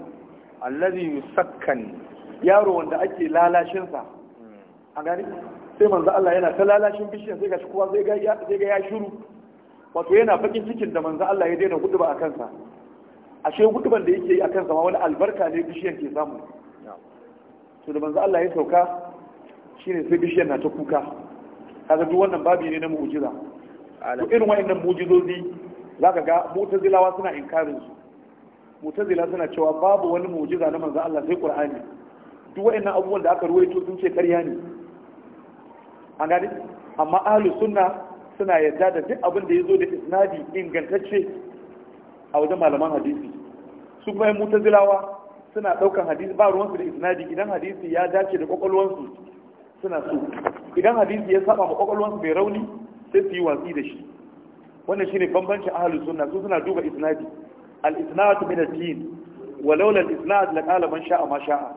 allazi yusakkan yaro wanda ake lalashin sa a gani sai manzo Allah yana ta lalashin bishiyar sai ga kowa sai ga ya shiru wato yana bakin cikin da manzo Allah ya daina gudu ba a kansa ashe huduban da yake yi akan sama wani albarka ne bishiyan ke samu to da manzo Allah ya sauka shine sai bishiyan na ta kuka kaga duk wannan babi ne na mu'jiza to irin wayannan mu'jizozi zaka ga mu'tazilawa suna inkarin su mu'tazila suna cewa babu wani mu'jiza na manzo Allah sai Qur'ani duk wayannan abubuwan da aka ruwaito sun ce ƙarya ne an gani amma ahlus sunna suna yadda da duk abin da ya zo da isnadi ingantacce a wajen malaman hadisi su kuma yan mutazilawa suna daukan hadisi ba ruwansu da isnadi idan hadisi ya dace da kwakwalwansu suna so idan hadisi ya saba ma kwakwalwansu mai rauni sai su yi watsi da shi wannan shine bambancin ahlus sunna su suna duba isnadi al isnad min ad-din walau lal isnad la qala sha'a ma sha'a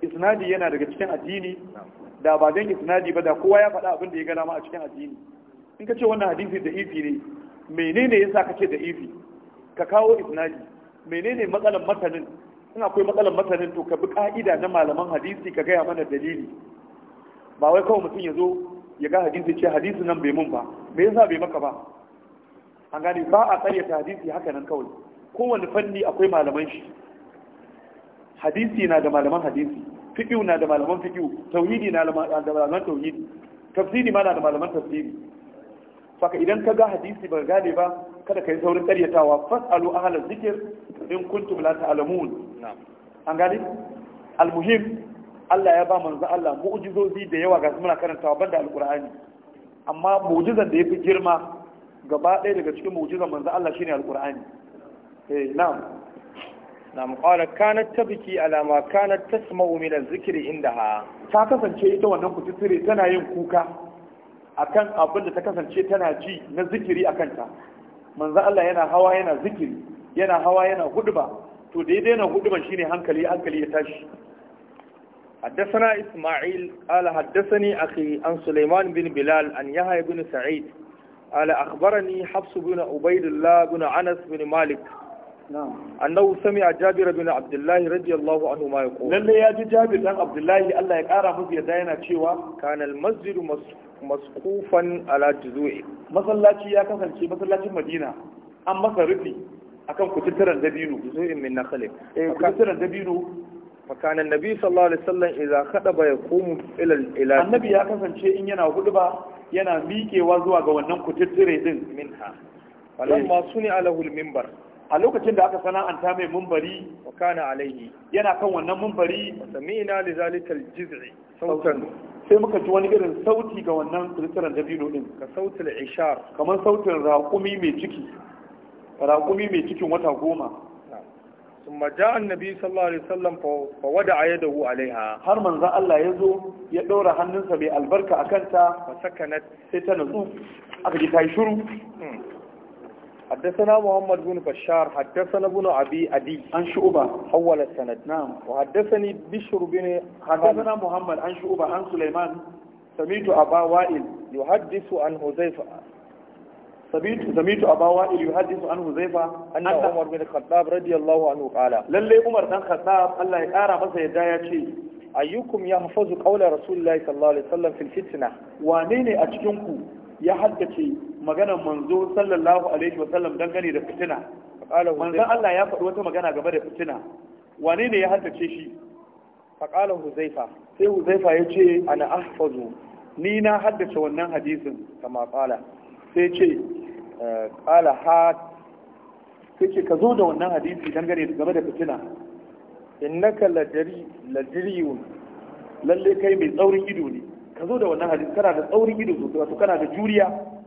isnadi yana daga cikin addini da ba dan isnadi ba da kowa ya faɗa abin da ya gana ma a cikin addini in ka ce wannan hadisi da ifi ne menene yasa ce da ifi ka kawo isnadi menene matsalan matanin in akwai matsalan matanin to ka bi ka'ida na malaman hadisi ka gaya mana dalili ba wai kawai mutum ya zo ya ga hadisi ce hadisi nan bai mun ba me yasa bai maka ba an gane ba a karyata hadisi haka nan kawai kowane fanni akwai malaman shi hadisi na da malaman hadisi fiqhu na da malaman fiqhu tauhidi na da malaman tauhidi tafsiri ma na da malaman tafsiri saka idan ka ga hadisi ba gane ba kada ka yi saurin karyatawa fasalu ahalar zikir, in kuntum la ta'lamun an gani almuhim Allah ya ba manzo Allah mu'jizozi da yawa ga muna karantawa banda alqur'ani amma mu'ujizan da yafi girma gaba ɗaya daga cikin mu'ujizan manzo Allah shine alqur'ani eh na'am na'am qala kanat tabki ala ma kanat tasma'u min az-zikri indaha ta kasance ita wannan kututure tana yin kuka akan abin da ta kasance tana ji na zikiri a kanta manzo Allah yana hawa yana zikiri yana hawa yana huduba to da ya daina huduban shine hankali hankali ya tashi حدثنا إسماعيل قال حدثني أخي عن سليمان بن بلال عن يحيى بن سعيد قال أخبرني حفص بن عبيد الله بن أنس بن مالك نعم أنه سمع جابر بن عبد الله رضي الله عنه ما يقول لن يجي جابر بن عبد الله الله يقارى مزيدين تشيوا كان المسجد مسجد masqufan ala juzu'i masallaci ya kasance masallacin Madina an masa rufi akan kututturan dabino juzu'in min nakhlin eh kututturan dabino nabi sallallahu alaihi wasallam عليه وسلم ba, خطب ila ila annabi ya kasance in yana إن ba yana ينا zuwa ga wannan din minha alahul minbar a lokacin da aka sana'anta mai mumbari wa kana alaihi yana kan wannan mumbari sami'na li zalika aljiz'i sautan sai muka ji wani irin sauti ga wannan tsirran dabino din ka sautin ishar kamar sautin raƙumi mai ciki raƙumi mai cikin wata goma ثم جاء النبي صلى الله عليه وسلم فوضع يده عليها har manzon Allah ya zo ya daura hannunsa mai albarka akanta fa sakanat sai ta nutsu aka ji ta shiru hmm. حدثنا محمد بن بشار حدثنا ابن أبي أدي عن شعبة حول السند نعم وحدثني بشر بن حدثنا محمد عن شعبة عن سليمان سمعت أبا وائل يحدث عن حذيفة سمعت سمعت أبا وائل يحدث عن حذيفة أن عمر بن الخطاب رضي الله عنه قال للي عمر بن الخطاب الله يقارى مسا يدايا ayyukum ya hafazu qawla rasulillahi sallallahu alaihi wasallam fil fitna wane ne a cikin ku ya haddace maganar manzo sallallahu alaihi wasallam dangane da fitina manzon Allah ya faɗi wata magana game da fitina wane ne ya haddace shi faqala huzaifa sai huzaifa ya ce ana ahfazu ni na haddace wannan hadisin kama qala sai ce eh, qala ha kace ka zo da wannan hadisi dangane da game da fitina innaka ladari ladiriyun lalle kai mai tsaurin ido ne ka zo da wannan hadisi kana da tsaurin ido sosai wato kana da juriya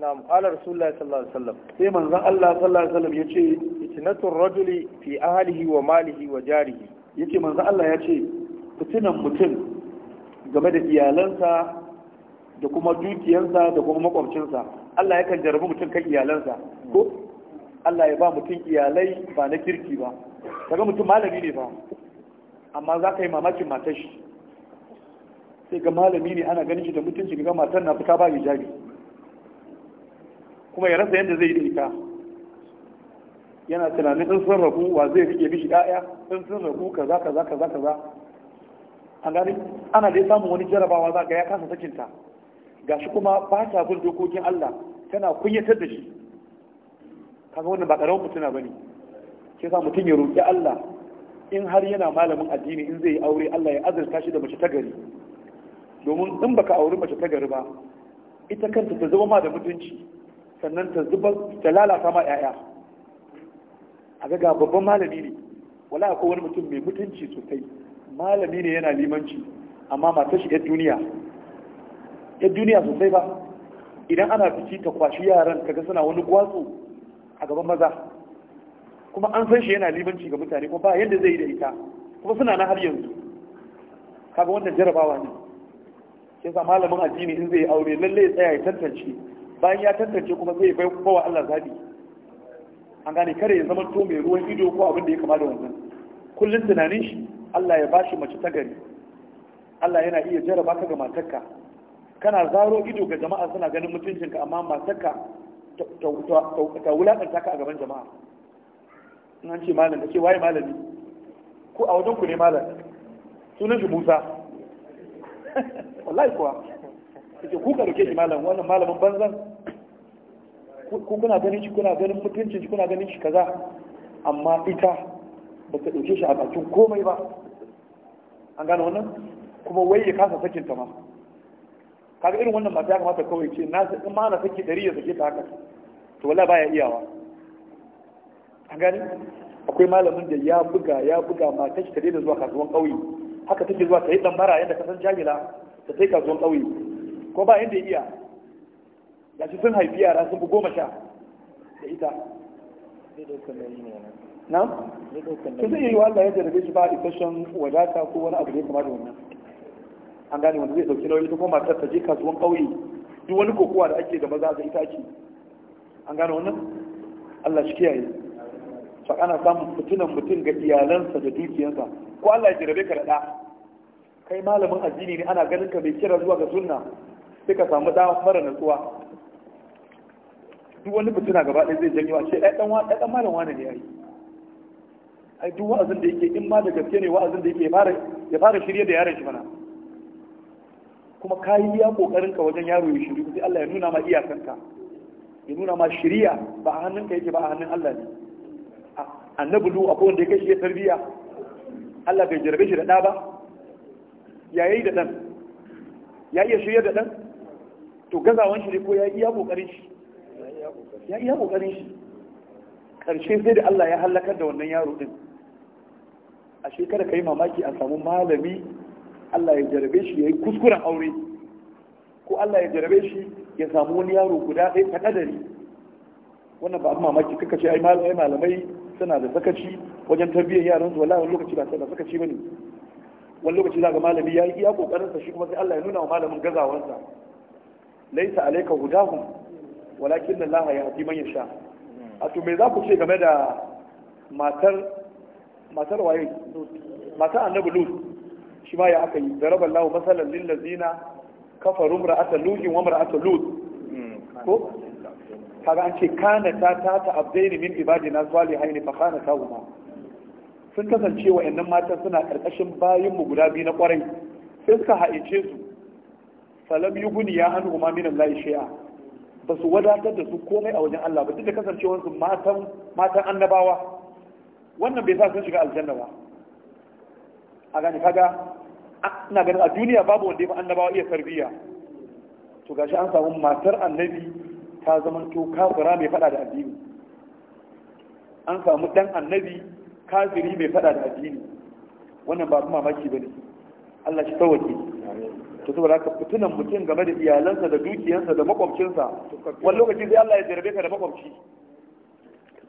na'am mu'alar rasulullahi sallallahu alaihi wasallam sai manzon Allah sallallahu alaihi wasallam yace fitnatur rajuli fi ahlihi wa malihi wa jarihi yace manzon Allah yace fitinan mutum game da iyalansa da kuma dukiyarsa da kuma makwabcinsa Allah yakan jarabi mutum kan iyalansa ko Allah ya ba mutum iyalai ba na kirki ba kaga mutum malami ne ba amma za ka yi mamakin matar shi sai ga malami ne ana ganin shi da mutunci ga matan na fita ba jari. kuma ya rasa yadda zai yi da ita yana tunanin in sun rabu wa zai rike mishi ɗaya in sun rabu kaza kaza kaza kaza A gani ana dai samun wani jarabawa za ga ya kasa sakinta shi kuma ba ta bin dokokin Allah tana kunyatar da shi kaga wannan ba karamin mutuna ne. ke sa mutum ya roƙi Allah in har yana malamin addini in zai yi aure Allah ya azurta shi da mace ta gari domin in baka auri mace ta gari ba ita kanta ta zama ma da mutunci sannan ta zubar ta lalata ma 'ya'ya a ga babban malami ne wala akwai wani mutum mai mutunci sosai malami ne yana limanci amma matar shi yar duniya yar duniya sosai ba idan ana biki ta kwashi yaran ga suna wani gwatsu a gaban maza kuma an san shi yana limanci ga mutane kuma ba yadda zai yi da ita kuma suna na har yanzu kaga wannan jarabawa ne sai sa malamin addini in zai aure lalle ya tsaya ya tantance bayan ya tantance kuma zai bai kowa Allah zabi an gane kare ya zama to mai ruwan ido ko abin da ya kama da wannan kullum tunanin shi Allah ya bashi mace ta gari Allah yana iya jaraba ka ga matarka kana zaro ido ga jama'a suna ganin mutuncinka amma matarka ta wulakanta ka a gaban jama'a in an ce malam da ke waye malami ko a wajen ku ne malam sunan shi Musa wallahi kuwa kuka ku ka shi malam wannan malamin banzan kuna ganin shi kuna ganin mutuncin shi kuna ganin shi kaza amma ita ba ta ɗauke shi a bakin komai ba an gane wannan kuma wai ya kasa sakin ta ma kaga irin wannan mata ya kamata kawai ce na in ma na saki ɗari ya sake ta haka to wala baya iyawa an gane akwai malamin da ya buga ya buga matar shi ta daina zuwa kasuwan kauye. haka take zuwa ta yi dan bara yadda ka san jami'a ta kai kasuwan kauye. ko ba yadda ya iya ga shi sun haifi yara sun fi goma sha da ita na? ta zai yi wa Allah ya jarabe shi ba isasshen wadata ko wani abu da ya da wannan an gane wanda zai dauki nauyi ta koma ta je kasuwan ƙauye duk wani kokowa da ake da maza da ita ake an gane wannan Allah shi kiyaye fa ana samun fitunan mutum ga iyalansa da dukiyansa ko Allah ya jarabe ka da ɗa kai malamin addini ne ana ganin ka mai kira zuwa ga sunna sai ka samu da mara nutsuwa duk wani fitina gaba ɗaya zai janyo a ce ɗan ɗan ɗan malam wani ne yayi ai duk wa'azin da yake in ma da gaske ne wa'azin da yake ya fara shirye da yaron shi mana kuma ka yi iya kokarin ka wajen yaro ya shiryu sai Allah ya nuna ma ka ya nuna ma shiriya ba a hannun ka yake ba a hannun Allah ne annabi lu akwai wanda ya kai shi ya tarbiya Allah bai jarabe shi da ɗa ba ya yi da ɗan ya iya shirya da ɗan to gazawan shi ne ko ya iya kokarin shi ya iya kokarin shi karshe sai da Allah ya halakar da wannan yaro din a shekara kai mamaki a samu malami Allah ya jarabe shi ya yi kuskuren aure ko Allah ya jarabe shi ya samu wani yaro guda ɗaya ta kadari wannan ba abin mamaki kaka ce ai malamai suna da sakaci wajen tarbiyyar yaran su wallahi wani lokaci ba sai da sakaci bane wani lokaci za ga malami ya yi iya kokarin sa shi kuma sai Allah ya nuna wa malamin gazawansa laisa alaika hudahum walakin Allah ya hadi man sha. a to me za ku ce game da matar matar waye matar annabi lut shi ma ya aka yi daraba masalan lil ladina kafaru imra'ata lut wa imra'ata lut ko kaga an ce kana ta ta ta abdaini min ibadina salihaini fa kana ta sun kasance wa'annan matan suna karkashin bayin mu guda biyu na kwarai sai suka haice su falam yughni ya hanu ma min Allah shay'a ba su wadatar da su komai a wajen Allah ba duk da kasancewar su matan matan annabawa wannan bai sa sun shiga aljanna ba a gani kaga ina ganin a duniya babu wanda ya annabawa iya tarbiyya to gashi an samu matar annabi ta zama to kafira mai fada da addini an samu dan annabi kafiri mai fada da addini wannan ba mamaki bane Allah shi tawaki to saboda ka fitunan mutum game da iyalansa da dukiyarsa da makwabcinsa wani lokaci sai Allah ya jarabe ka da makwabci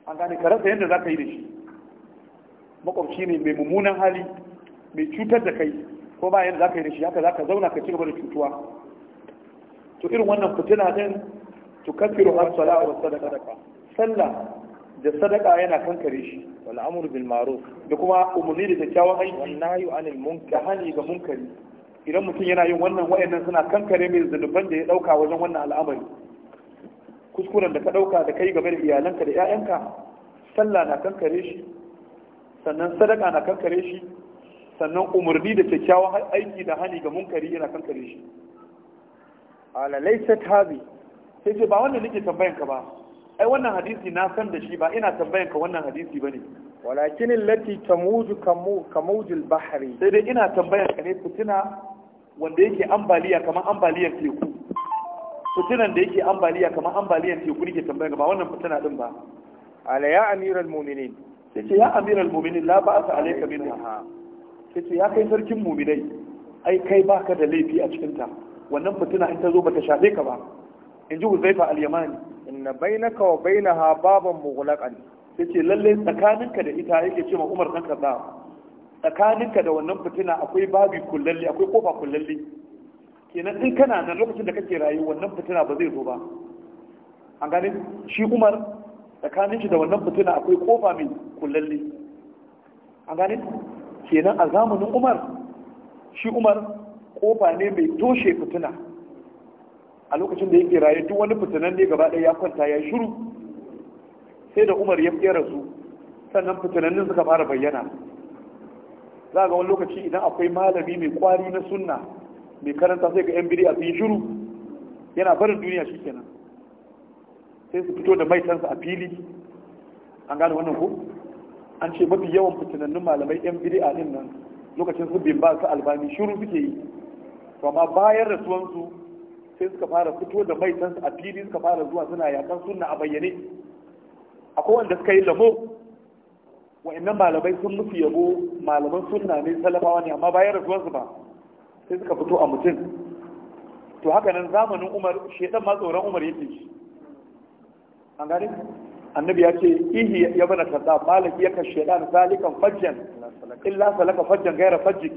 an gane ka rasa yadda za ka yi da shi makwabci ne mai mummunan hali mai cutar da kai ko ba yadda za ka yi da shi haka za ka zauna ka ci gaba da cutuwa to irin wannan fitina din to kafiru as-salatu was-sadaqa sallah da sadaka yana kankare shi wal amru bil ma'ruf da kuma umurni da kyakkyawan aiki wan nahyu anil munkar hani ga munkari idan mutum yana yin wannan wayannan suna kankare mai zunuban da ya dauka wajen wannan al'amari kuskuren da ka dauka da kai game da iyalanka da ƴaƴanka sallah na kankare shi sannan sadaka na kankare shi sannan umurni da kyakkyawan aiki da hani ga munkari yana kankare shi ala laysat hadi sai ba wannan nake tambayanka ba ai wannan hadisi na san da shi ba ina tambayan ka wannan hadisi bane walakin allati tamuju kamu kamujul bahri sai dai ina tambayan ka ne fitina wanda yake ambaliya kamar ambaliyar teku fitinan da yake ambaliya kamar ambaliyar teku ne tambayan ka ba wannan fitina din ba ala ya amiral mu'minin sai ya amiral mu'minin la ba'sa alayka minha sai ya kai sarkin mu'minai ai kai baka da laifi a cikin ta wannan fitina in ta zo bata shafe ka ba in ji huzaifa al-yamani inna bainaka wa bainaha baban mughlaqan yace lalle tsakaninka da ita yake ce ma Umar dan kaza tsakaninka da wannan fitina akwai babi kullalle akwai kofa kullalle kenan in kana da lokacin da kake rayu wannan fitina ba zai zo ba an gane shi Umar tsakanin shi da wannan fitina akwai kofa mai kullalle an gane kenan a zamanin Umar shi Umar kofa ne mai toshe fitina a lokacin da yake raye duk wani fitinan ne gaba ɗaya ya kwanta ya shiru sai da umar ya kera su sannan fitinannin suka fara bayyana za ga wani lokaci idan akwai malami mai kwari na sunna mai karanta sai ga yan biri a fi shiru yana barin duniya shi kenan sai su fito da maitansa a fili an gane wannan ko an ce mafi yawan fitinannun malamai yan biri a nan lokacin su bin ba su albani shiru suke yi to amma bayan rasuwansu sai suka fara fito da sansu a fili suka fara zuwa suna yakan sunna a bayyane akwai wanda suka yi lamo wa'annan malamai sun musu yabo malaman sunna ne salafawa ne amma bayan rasuwarsu ba sai suka fito a mutum to haka nan zamanin umar shaidan ma tsoron umar yake shi an gane annabi ya ce ihi ya bana kaza malaki ya kan shedan zalikan fajjan illa salaka fajjan gaira fajjik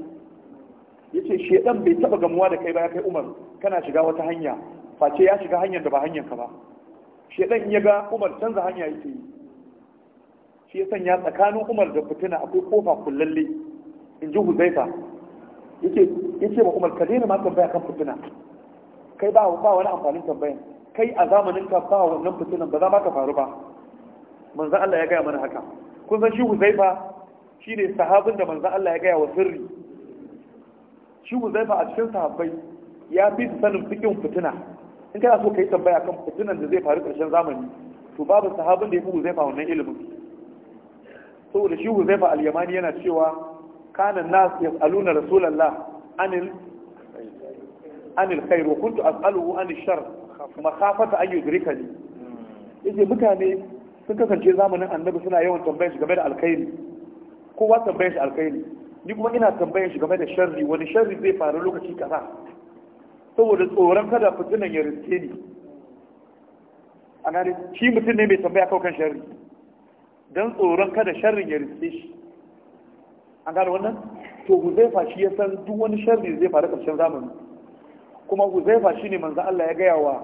yace shedan bai taba gamuwa da kai ba ya kai Umar kana shiga wata hanya face ya shiga hanyar da ba hanyar ka ba shedan ya ga Umar canza hanya yake yi shi ya sanya tsakanin Umar da fitina akwai kofa kullalle in ji Huzaifa yace yace ba Umar ka daina ma tambaya kan fitina kai ba ba wani amfanin tambayan kai a zamanin ka ba wannan fitinan ba za ma ka faru ba manzo Allah ya gaya mana haka kun san shi Huzaifa shine sahabin da manzo Allah ya gaya wa sirri shi huzaifa a cikin sahabbai ya fi su sanin fikin fitina in kana so ka yi tambaya kan fitinan da zai faru ƙarshen zamani to babu sahabin da ya fi huzaifa wannan ilimin saboda shi huzaifa al-yamani yana cewa kana nas aluna rasulullah anil anil khair wa kuntu as'aluhu anil shar makhafata an yudrikani yace mutane sun kasance zamanin annabi suna yawan tambayar shi game da alkhairi kowa tambayar shi alkhairi ni kuma ina tambayar shi game da sharri wani sharri zai faru lokaci kaza saboda tsoron kada fitinan ya riske ni a gane shi mutum ne mai tambaya kawo kan sharri don tsoron kada sharri ya riske shi an gane wannan to huzaifa shi ya san duk wani sharri zai faru ƙarshen zamani kuma huzaifa shi ne manzo Allah ya gaya wa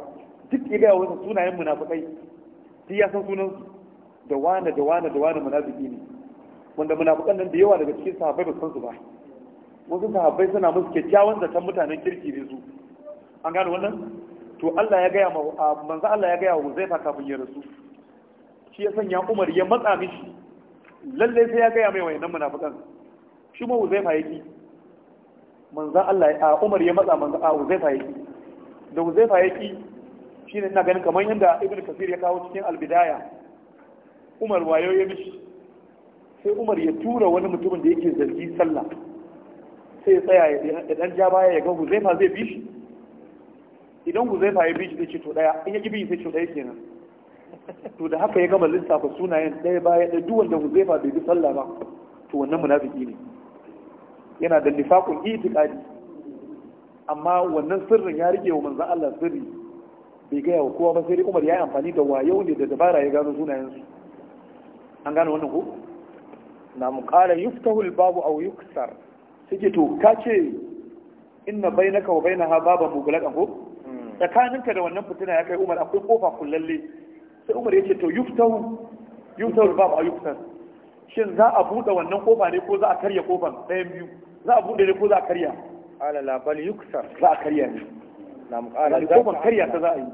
duk ya gaya wasu sunayen munafukai Sai ya san sunan da wane da wane da munafiki ne wanda munafukan nan da yawa daga cikin sahabbai ba san su ba wasu sahabbai suna musu kyakkyawan zaton mutanen kirki ne su an gane wannan to Allah ya gaya manzo Allah ya gaya wa Huzaifa kafin ya rasu shi ya sanya Umar ya matsa mishi lalle sai ya gaya mai wayannan munafukan shi ma Huzaifa yake manzo Allah ya Umar ya matsa manzo a Huzaifa yake da Huzaifa yake shine ina ganin kamar yadda Ibn Kathir ya kawo cikin Al-Bidaya Umar wayo ya mishi sai umar ya tura wani mutumin da yake zargi sallah sai ya tsaya ya dan ja baya ya ga guzaifa zai bi shi idan guzaifa ya bi shi zai ce to daya in ya ki bi zai ce daya kenan to da haka ya gama lissafa sunayen daya baya da duk wanda guzaifa bai bi sallah ba to wannan munafiki ne yana da nifaqun itiqadi amma wannan sirrin ya rike wa manzon Allah sirri bai gaya wa kowa ba sai Umar ya yi amfani da wayo ne da dabara ya gano sunayen su an gane wannan ko na mu kala yuftahul babu aw yuksar suke to ka ce inna bainaka wa bainaha baban mughlaqan ko hmm. tsakaninka da wannan fitina ya kai Umar akwai kofa kullalle sai Umar yace to yuftahu yuftahu babu aw yuksar shin za a buɗe wannan kofa ne ko za a karya kofan ɗayan biyu za a buɗe ne ko za a karya ala labal yuksar za a karya ne nam ala kofan karya ta za a yi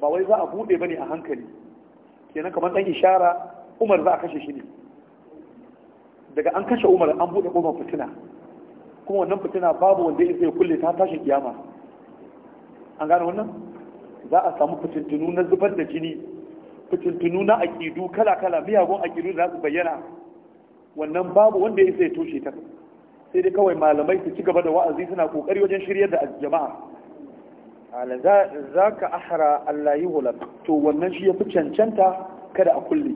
ba wai za a buɗe bane a hankali kenan kamar dan ishara Umar za a kashe shi ne daga an kashe umar an buɗe ƙofar fitina kuma wannan fitina babu wanda ya kulle ta tashin kiyama an gane wannan za a samu fitintunu na zubar da jini fitintunu na aƙidu kala-kala miyagun aƙidu da su bayyana wannan babu wanda ya toshe ta sai dai kawai malamai su ci gaba da wa'azi suna kokari wajen shiryar da jama'a ala za ka ahara Allah yi to wannan shi ya fi cancanta kada a kulle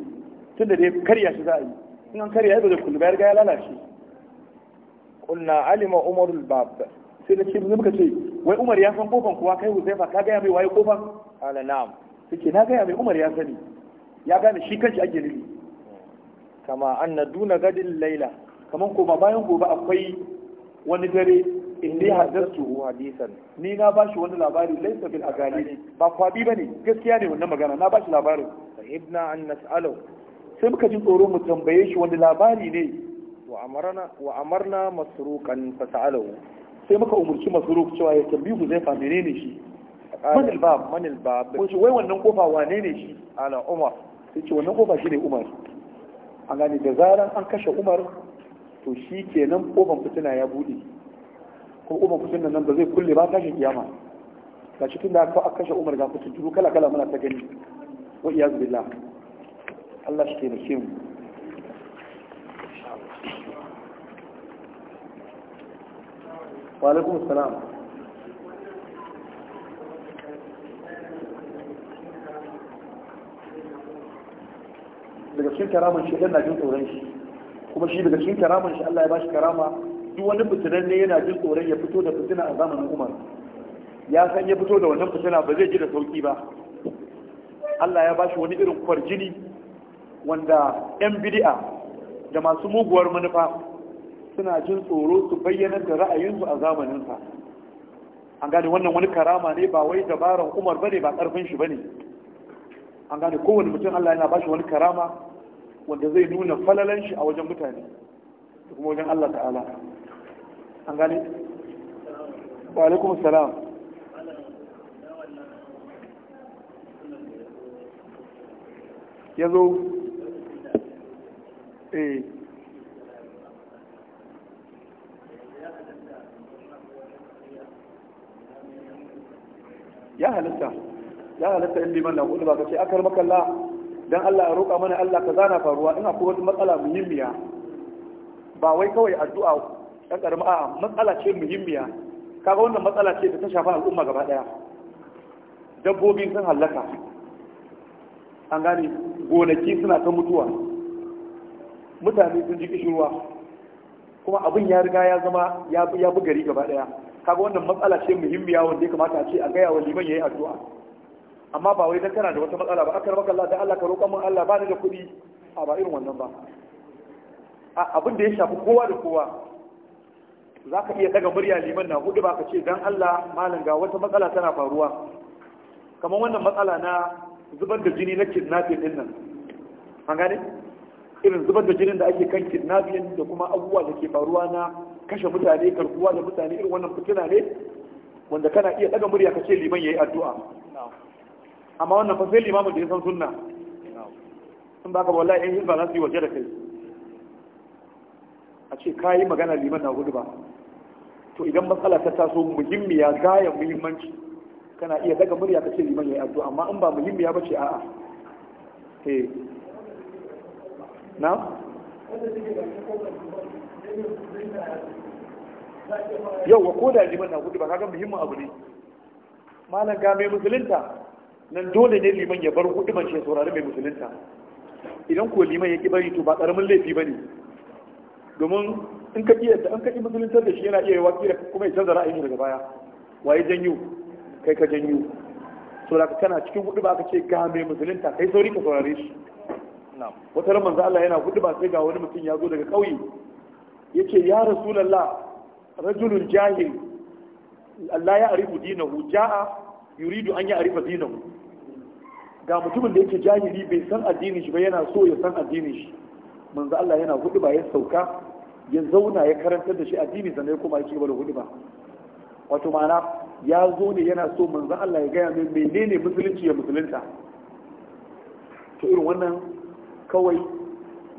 tunda dai karya shi za a yi in an karya da kullu bayar ga ya lalace Unna alima umar al-bab sai nace mun muka ce wai umar ya san kofan kuwa kai huzaifa ka gaya mai waye kofan ala na'am suke na gaya mai umar ya sani ya gane shi kanshi ake nufi kama anna duna gadin laila kaman koma bayan gobe akwai wani dare inni hadartu hadisan ni na bashi wani labari laysa bil agali ba kwabi bane gaskiya ne wannan magana na bashi labarin ibna an nas'alu sai muka ji tsoro mu tambaye shi wani labari ne wa amarna masruqan fasa'alahu sai muka umurci masruq cewa ya tambayi mu zai fa menene shi manil bab manil bab ko shi wai wannan kofa wane ne shi ala umar sai ce wannan kofa shine umar an gane da zaran an kashe umar to shi kenan kofan fitina ya bude kuma kofan fitina nan ba zai kulle ba tashin kiyama ga cikin tun da aka kashe umar ga fitin kala kala muna ta gani wa iyazu billah Allah shi taimake mu wa salam daga cikin karamar shi yana jin tsoron shi kuma shi daga cikin karamar shi Allah ya bashi karama duk wani fitinan ne yana jin tsoron ya fito da fitina a zamanin Umar ya san ya fito da wannan fitina ba zai ji da sauki ba Allah ya bashi wani irin kwarjini wanda 'yan bidi'a da masu muguwar manufa suna jin tsoro su bayyana da ra'ayinsu a zamaninsa an gane wannan wani karama ne ba wai dabaran umar bane ba karfin shi bane an gane kowane mutum Allah yana bashi wani karama wanda zai nuna falalan shi a wajen mutane da kuma wajen Allah ta'ala an gane wa alaikum salam ya zo Eh. ya halitta ya halitta in liman na hudu ba ka ce akar makalla don Allah ya roƙa mana Allah ka zana faruwa ina ko wata matsala muhimmiya ba wai kawai addu'a ɗan ƙarama a matsala ce muhimmiya kaga wannan matsala ce da ta shafa al'umma gaba ɗaya dabbobi sun hallaka an gane gonaki suna ta mutuwa mutane sun ji kishirwa kuma abin ya riga ya zama ya bi gari gaba daya kaga wannan matsala ce muhimmiya wanda ya kamata a ce a gaya wa liman yayi addu'a amma ba wai tana kana da wata matsala ba akar maka Allah da Allah ka roƙa mun Allah ba ni da kuɗi a ba irin wannan ba abin da ya shafi kowa da kowa za ka iya daga murya liman na hudu ba ka ce dan Allah malam ga wata matsala tana faruwa kamar wannan matsala na zubar da jini na kidnapping din nan an gane irin zubar da jinin da ake kan kidnapping da kuma abubuwa da ke faruwa na kashe mutane karkuwa da mutane irin wannan fitina ne wanda kana iya daga murya ka ce liman yayi addu'a amma wannan fa sai limamin da ya san sunna in baka wallahi in hizba za su yi waje da kai a ce kayi magana liman na gudu ba to idan matsala ta taso muhimmiya gayan muhimmanci kana iya daga murya ka ce liman yayi addu'a amma in ba muhimmiya ba ce a'a eh na? yau wa ko da liman na hudu ba kaga muhimmin abu ne malam ga mai musulunta nan dole ne liman ya bar gudu ban shi saurari mai musulunta idan ko liman ya ki bari to ba karamin laifi ba ne domin in ka da an ka musuluntar da shi yana iya yawa kira kuma ya canza ra'ayin daga baya waye janyo kai ka janyo saboda kana cikin hudu ba ka ce ga mai musulunta kai sauri ka saurare shi wata ran manzo Allah yana gudu ba sai ga wani mutum ya zo daga kauye yace ya rasulullah rajulun jahil Allah ya arifu dinahu jaa yuridu an ya arifa dinahu ga mutumin da yake jahili bai san addinin shi ba yana so ya san addinin shi manzo Allah yana hudu ba ya sauka ya zauna ya karantar da shi addini sannan ya koma yake cigaba da ba wato ma'ana ya zo ne yana so manzo Allah ya gaya min menene musulunci ya musulunta to irin wannan kawai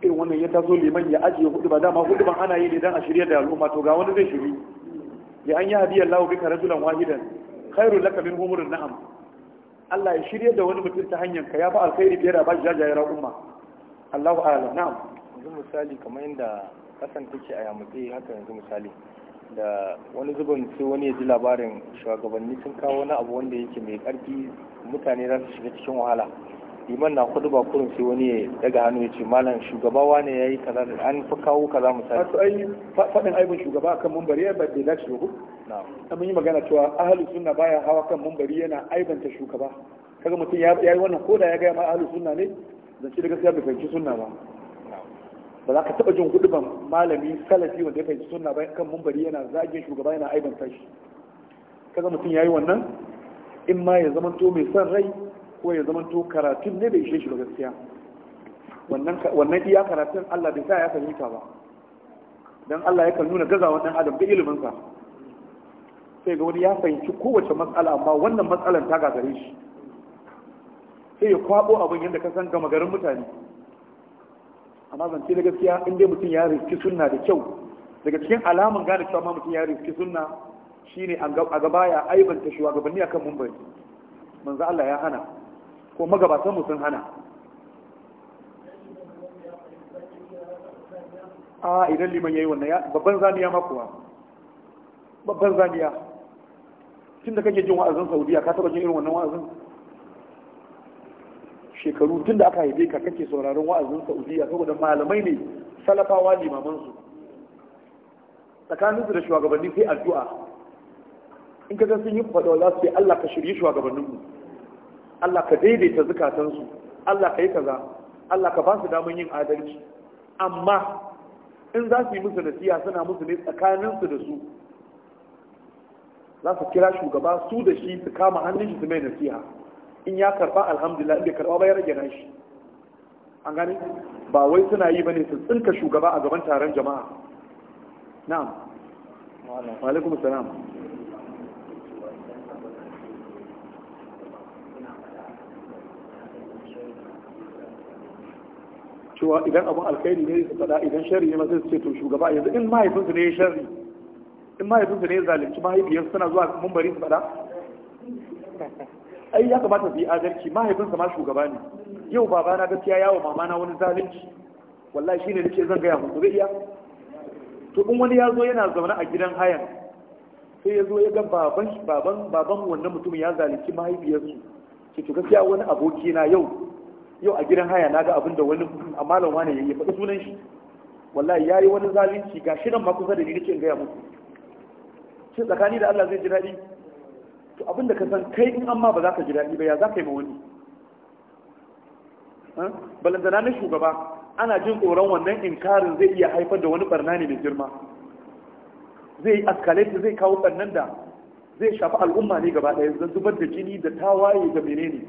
irin wannan ya taso liman ya ajiye hudu ba dama hudu ban ana yi ne don a shirya da al'umma to ga wani zai shiri ya an yi hadiyar lawo bika rasulan wahidan khairu laka min humurin na'am Allah ya shirya da wani mutum ta hanyar ka ya fa alkhairi biyar da ba jajaye ra umma Allahu a'lam na'am yanzu misali kamar yadda kasan take a yamutse haka yanzu misali da wani zubin sai wani ya ji labarin shugabanni sun kawo wani abu wanda yake mai karfi mutane za su shiga cikin wahala liman na kudu ba kurin sai wani ya daga hannu ya ce malam shugaba wane ya yi kaza an fi kawo kaza misali wato ai faɗin aibin shugaba akan mumbari ya bai dace da ku mun yi magana cewa ahalu sunna baya hawa kan mumbari yana aibanta shugaba kaga mutum ya yi wannan ko da ya gaya ma ahalu sunna ne zance da gaskiya bai fahimci sunna ba ba za ka taɓa jin kudu malami salafi wanda ya fahimci sunna ba kan mumbari yana zagin shugaba yana aibanta shi kaga mutum ya yi wannan in ma ya zama to mai son rai ko ya zama to karatun ne bai ishe shi gaskiya wannan iya karatun Allah bai sa ya fahimta ba Don Allah ya kan nuna gaza wannan adam da iliminsa sai ga wani ya fahimci kowace matsala amma wannan matsalan ta gagare shi sai ya kwabo abin yadda ka san gama garin mutane amma zance da gaskiya in dai mutum ya riski sunna da kyau daga cikin alamun gane cewa ma mutum ya riski sunna shine a gaba ya aibanta shugabanni akan mumbai manzo Allah ya hana ko magabatan mu sun hana a idan liman ya yi wannan babban zaniya ma kuwa babban zaniya tun da kake jin wa'azin saudiya ka taba jin irin wannan wa'azin shekaru tun da aka haife ka kake sauraron wa'azin saudiya saboda malamai ne salafawa limamansu tsakaninsu da shugabanni sai addu'a in ka ga sun yi faɗa za su ce allah ka shirye shugabanninmu Allah ka daidaita zukatansu Allah ka yi kaza Allah ka ba su daman yin adalci amma in za su yi musu nasiya suna musu ne tsakaninsu da su za su kira shugaba su da shi su kama hannun shi su mai nasiha in ya karba alhamdulillah bai karba ba ya rage nashi an gani ba wai suna yi bane su tsinka shugaba a gaban taron jama'a na'am wa alaikum salam cewa idan abin alkhairi ne su faɗa idan shari ne ma sai su ce to shugaba yanzu in mahaifinsu ne ya shari in mahaifinsu ne ya zalunci mahaifiyarsu suna zuwa mumbari su faɗa ai ya kamata su yi adalci mahaifinsa ma shugaba ne yau babana gaskiya yawo mamana wani zalunci wallahi shine nake zan gaya muku zai iya to in wani ya zo yana zaune a gidan hayan sai ya zo ya ga baban baban baban wannan mutumin ya zalunci mahaifiyarsu ce to gaskiya wani aboki na yau yau a gidan haya na ga abin da wani a malam wani ya faɗi sunan shi wallahi ya yi wani zalunci ga shi nan ma kusa da ni nake gaya muku shi tsakani da Allah zai ji daɗi to abin da ka san kai in amma ba za ka ji daɗi ba ya za ka yi ma wani balantana na shugaba ana jin tsoron wannan inkarin zai iya haifar da wani barna ne mai girma zai yi askalate zai kawo barnan da zai shafi al'umma ne gaba ɗaya zan zubar da jini da tawaye da menene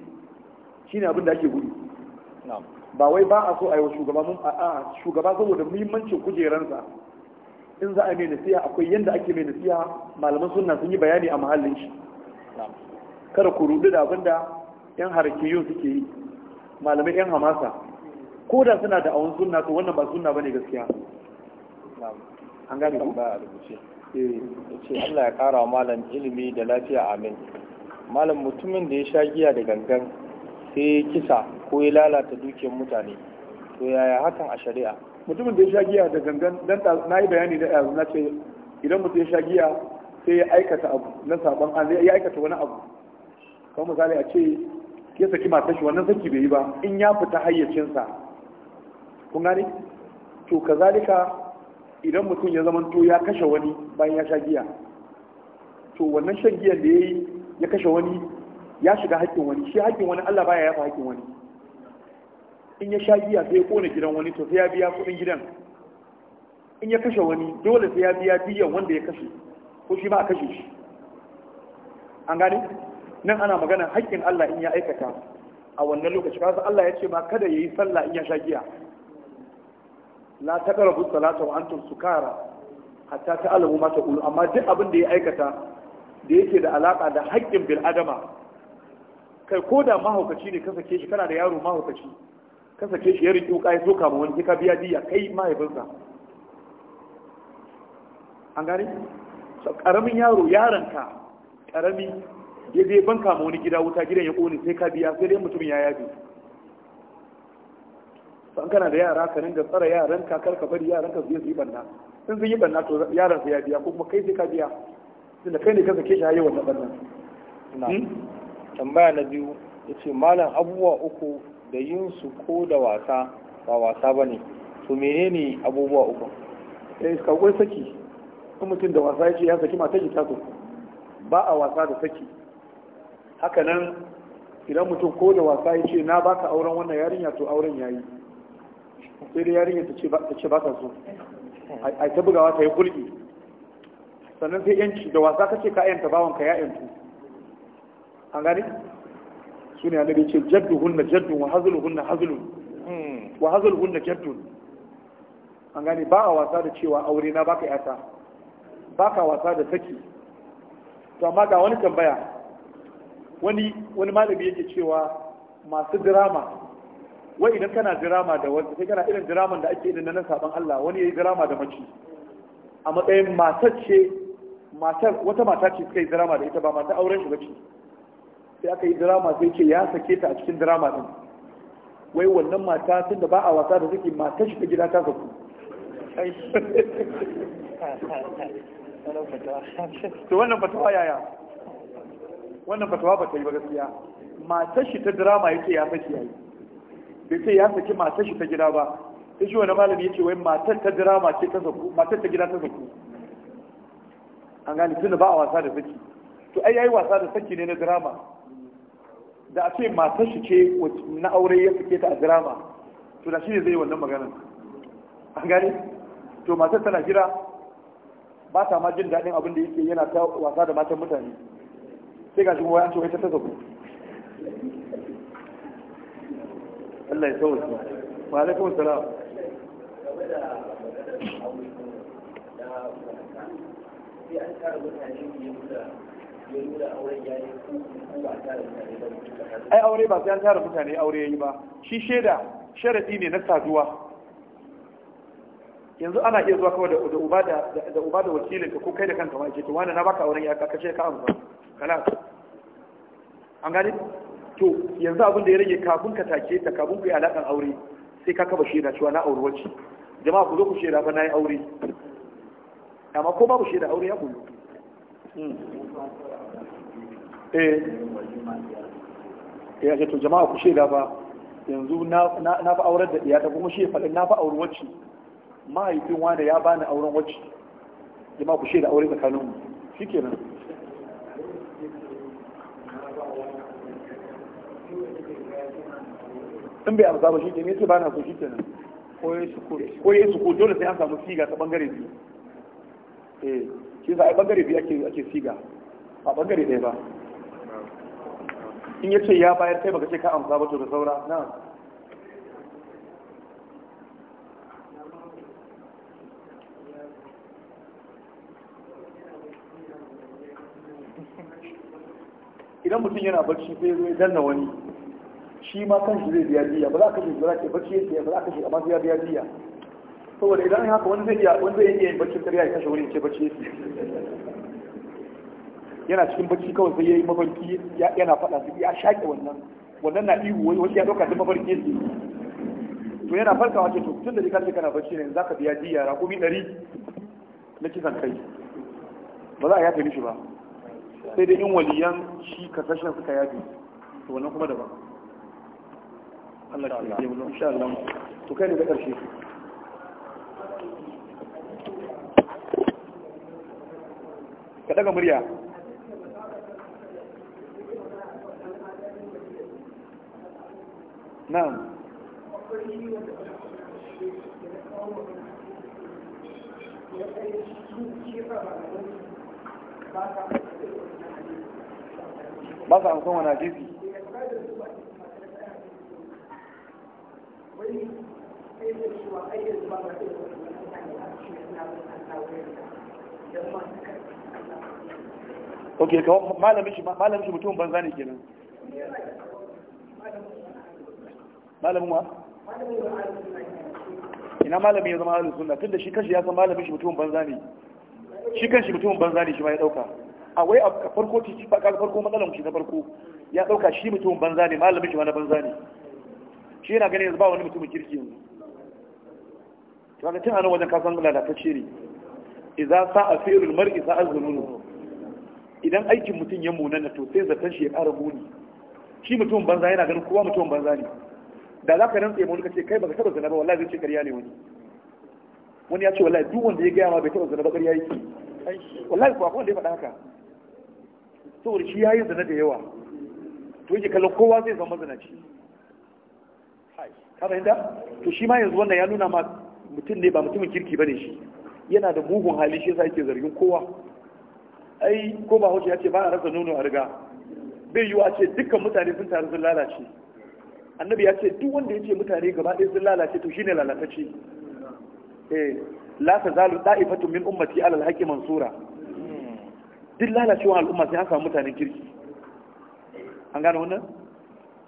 shine abin da ake gudu ba wai ba a so a yi wa shugaba mun a shugaba saboda muhimmancin kujeransa in za a mai nasiha akwai yadda ake mai nasiha malaman sunna sun yi bayani a mahallin shi kada ku rudu da abinda yan harakiyun suke yi malamai yan hamasa ko da suna da awon sunna to wannan ba sunna bane gaskiya an gane ku ba a rubuce eh, ce Allah ya kara wa malam ilimi da lafiya amin malam mutumin da ya sha giya da gangan sai kisa ko ya lalata dukiyar mutane to yaya hakan a shari'a mutumin da ya sha giya da gangan dan na yi bayani da yanzu na ce idan mutum ya sha giya sai ya aikata abu na sabon an ya aikata wani abu kamar misali a ce ya saki matar shi wannan saki bai yi ba in ya fita hayyacinsa kun gane to kazalika idan mutum ya zama to ya kashe wani bayan ya sha giya to wannan shan giyan da ya yi ya kashe wani ya shiga haƙƙin wani shi haƙƙin wani Allah baya yafa haƙƙin wani in ya sha giya sai ya kona gidan wani to sai ya biya kuɗin gidan in ya kashe wani dole sai ya biya biyan wanda ya kashe ko shi ma a kashe shi an gane nan ana magana haƙƙin Allah in ya aikata a wannan lokaci kasa Allah ya ce ma kada yayi sallah in ya sha giya la taqrabu salata wa antum sukara hatta ta'lamu ma taqulu amma duk abin da ya aikata da yake da alaka da haƙƙin bil adama kai ko da mahaukaci ne ka sake shi kana da yaro mahaukaci ka sake shi ya riƙi wuka ya soka ma wani ka biya diya kai mahaifinsa an gane Karamin yaro yaranka, karami ya zai banka ma wani gida wuta gidan ya ƙone sai ka biya sai dai mutumin ya so an kana da yara ka ringa tsara yaran ka kar ka bari yaran ka su yi banna in sun yi banna to yaran sa ya biya ko kuma kai sai ka biya tunda kai ne ka sake shi haye wannan bannan tambaya na biyu ya ce malam abubuwa uku da yin su ko da wasa ba wasa ba ne to menene abubuwa uku ya iska kawai saki in mutum da wasa ya ce ya saki mata ta taso ba a wasa da saki hakanan idan mutum ko da wasa ya ce na baka auren wannan yarinya to auren ya yi sai da yarinya ta ce ba ta so a ta bugawa ta yi kulki sannan sai yanci da wasa kace ka yanta bawanka ya 'yanta. an gane su ne annabi ce hunna jaddun wa hunna hazlun hmm. wa hunna jaddun an gane ba a wasa da cewa aure na baka yata baka wasa da saki to amma ga wani tambaya wani wani malami yake cewa masu drama wai idan kana drama da wani sai kana irin draman da ake irin na saban Allah wani yayi drama da mace a matsayin matar ce matar wata mata ce suka yi drama da ita ba mata auren shi bace sai aka yi drama sai ce ya sake ta a cikin drama din wai wannan mata tun da ba a wasa da suke mata shi ta gida ta zaku. to wannan fatawa yaya wannan fatawa ba ta yi ba gaskiya mata shi ta drama yake ya saki yayi bai sai ya saki mata shi ta gida ba sai shi wani malami yace wai matar ta drama ce ta saku matar ta gida ta zaku. an gane tun da ba a wasa da saki to ai yayi wasa da saki ne na drama da a ce matar shi ce na aure ya fike ta a girama, to da shi ne zai yi wannan maganar an gane to matar tana jira ba ta ma jin daɗin abin da yake yana ta wasa da matan mutane sai ga shi kuma an ce wai ta ta zabu Allah ya sauya wa alaikum salam sai an tara mutane ne da ai aure ba sai an tara mutane aure yayi ba shi shaida sharadi ne na saduwa yanzu ana iya zuwa kawai da uba da uba da wakilin ka ko kai da kanka ma ce to wani na baka auren ya ka ce ka amsa kana an gani to yanzu abin da ya rage kafin ka take ta kafin ku yi alakan aure sai ka kaba shaida cewa na auri wacce jama'a ku zo ku shaida fa na yi aure amma ko babu shaida aure ya kullu eh ya ce to jama'a ku shaida ba yanzu na fa aurar da ɗiyata kuma shi faɗin na fa auri wacce mahaifin wanda ya bani auren wacce jama'a ku shaida aure tsakanin mu shi kenan in bai amsa ba shi kenan yace ba na so shi kenan ko ya yi suko dole sai an samu siga ta bangare biyu eh shi za a bangare biyu ake ake siga a bangare ɗaya ba in yace ya bayar kai baka ce ka amsa ba to da saura na idan mutum yana barci sai zai danna wani shi ma kan shi zai biya biya ba za ka shi ba za ka barci yake ba za ka shi amma zai biya biya saboda idan haka wani zai iya wani yin bacci kariya ya kashe wani ce bacci yake yana cikin bacci kawai sai yayi mafarki yana faɗa su ya shaƙe wannan wannan na ihu wani wani ya ɗauka da mafarki yake to yana farkawa ce to tun da kace kana bacci ne zaka biya diya rakumi ɗari na kisan kai ba za a yafe mishi ba sai dai in waliyan shi kasashen suka yafe to wannan kuma daban Allah ya yi insha Allah to kai ne ga ƙarshe ka daga murya na'am ba sa amsan wani hadisi wani ok kawo malamin shi mutum banza ne kenan malamin wa ina malamin ya zama suna tun tunda shi kashi ya san malamin shi mutum banza ne shi kan shi mutum banza ne shi ma ya dauka a wai a farko titi ba farko matsalan shi na farko ya dauka shi mutum banza ne malamin shi ma na banza ne shi yana ganin yanzu ba wani mutumin kirki yanzu to ga tun wajen kasan lalatacce ne idza sa'a fi'lul mar'i an zununu idan aikin mutum ya munana to sai zaton shi ya ƙara muni shi mutum banza yana ganin kowa mutum banza ne da za ka rantsa mun ka ce kai baka taba zina ba wallahi zai ce ƙarya ne wani wani ya ce wallahi duk wanda ya gaya ma bai taba zina ba ƙarya yake wallahi akwai wanda ya faɗa haka saboda shi ya yi zina da yawa to yake kallon kowa zai zama zinaci ka fahimta to shi ma yanzu wannan ya nuna ma mutum ne ba mutumin kirki ba ne shi yana da mugun hali shi sai ke zargin kowa ai ko ba hoje ya ce ba a rasa nono a riga bai yi ce dukkan mutane sun taru sun lalace annabi ya ce duk wanda ya ce mutane gaba ɗaya sun lalace to shine lalatacce eh la tazalu da'ifatun min ummati ala alhaqi mansura duk lalacewar al'umma sai an samu kirki an gano wannan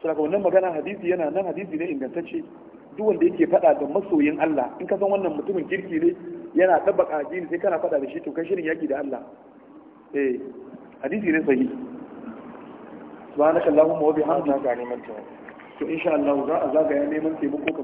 saboda wannan magana hadisi yana nan hadisi ne ingantacce duk wanda yake faɗa da masoyin Allah in ka san wannan mutumin kirki ne yana tabbaka jini sai kana faɗa da shi to kai shirin yaki da Allah eh hadisi ne sahi subhanakallahumma wa bihamdika to insha Allah za a zagaya neman taimako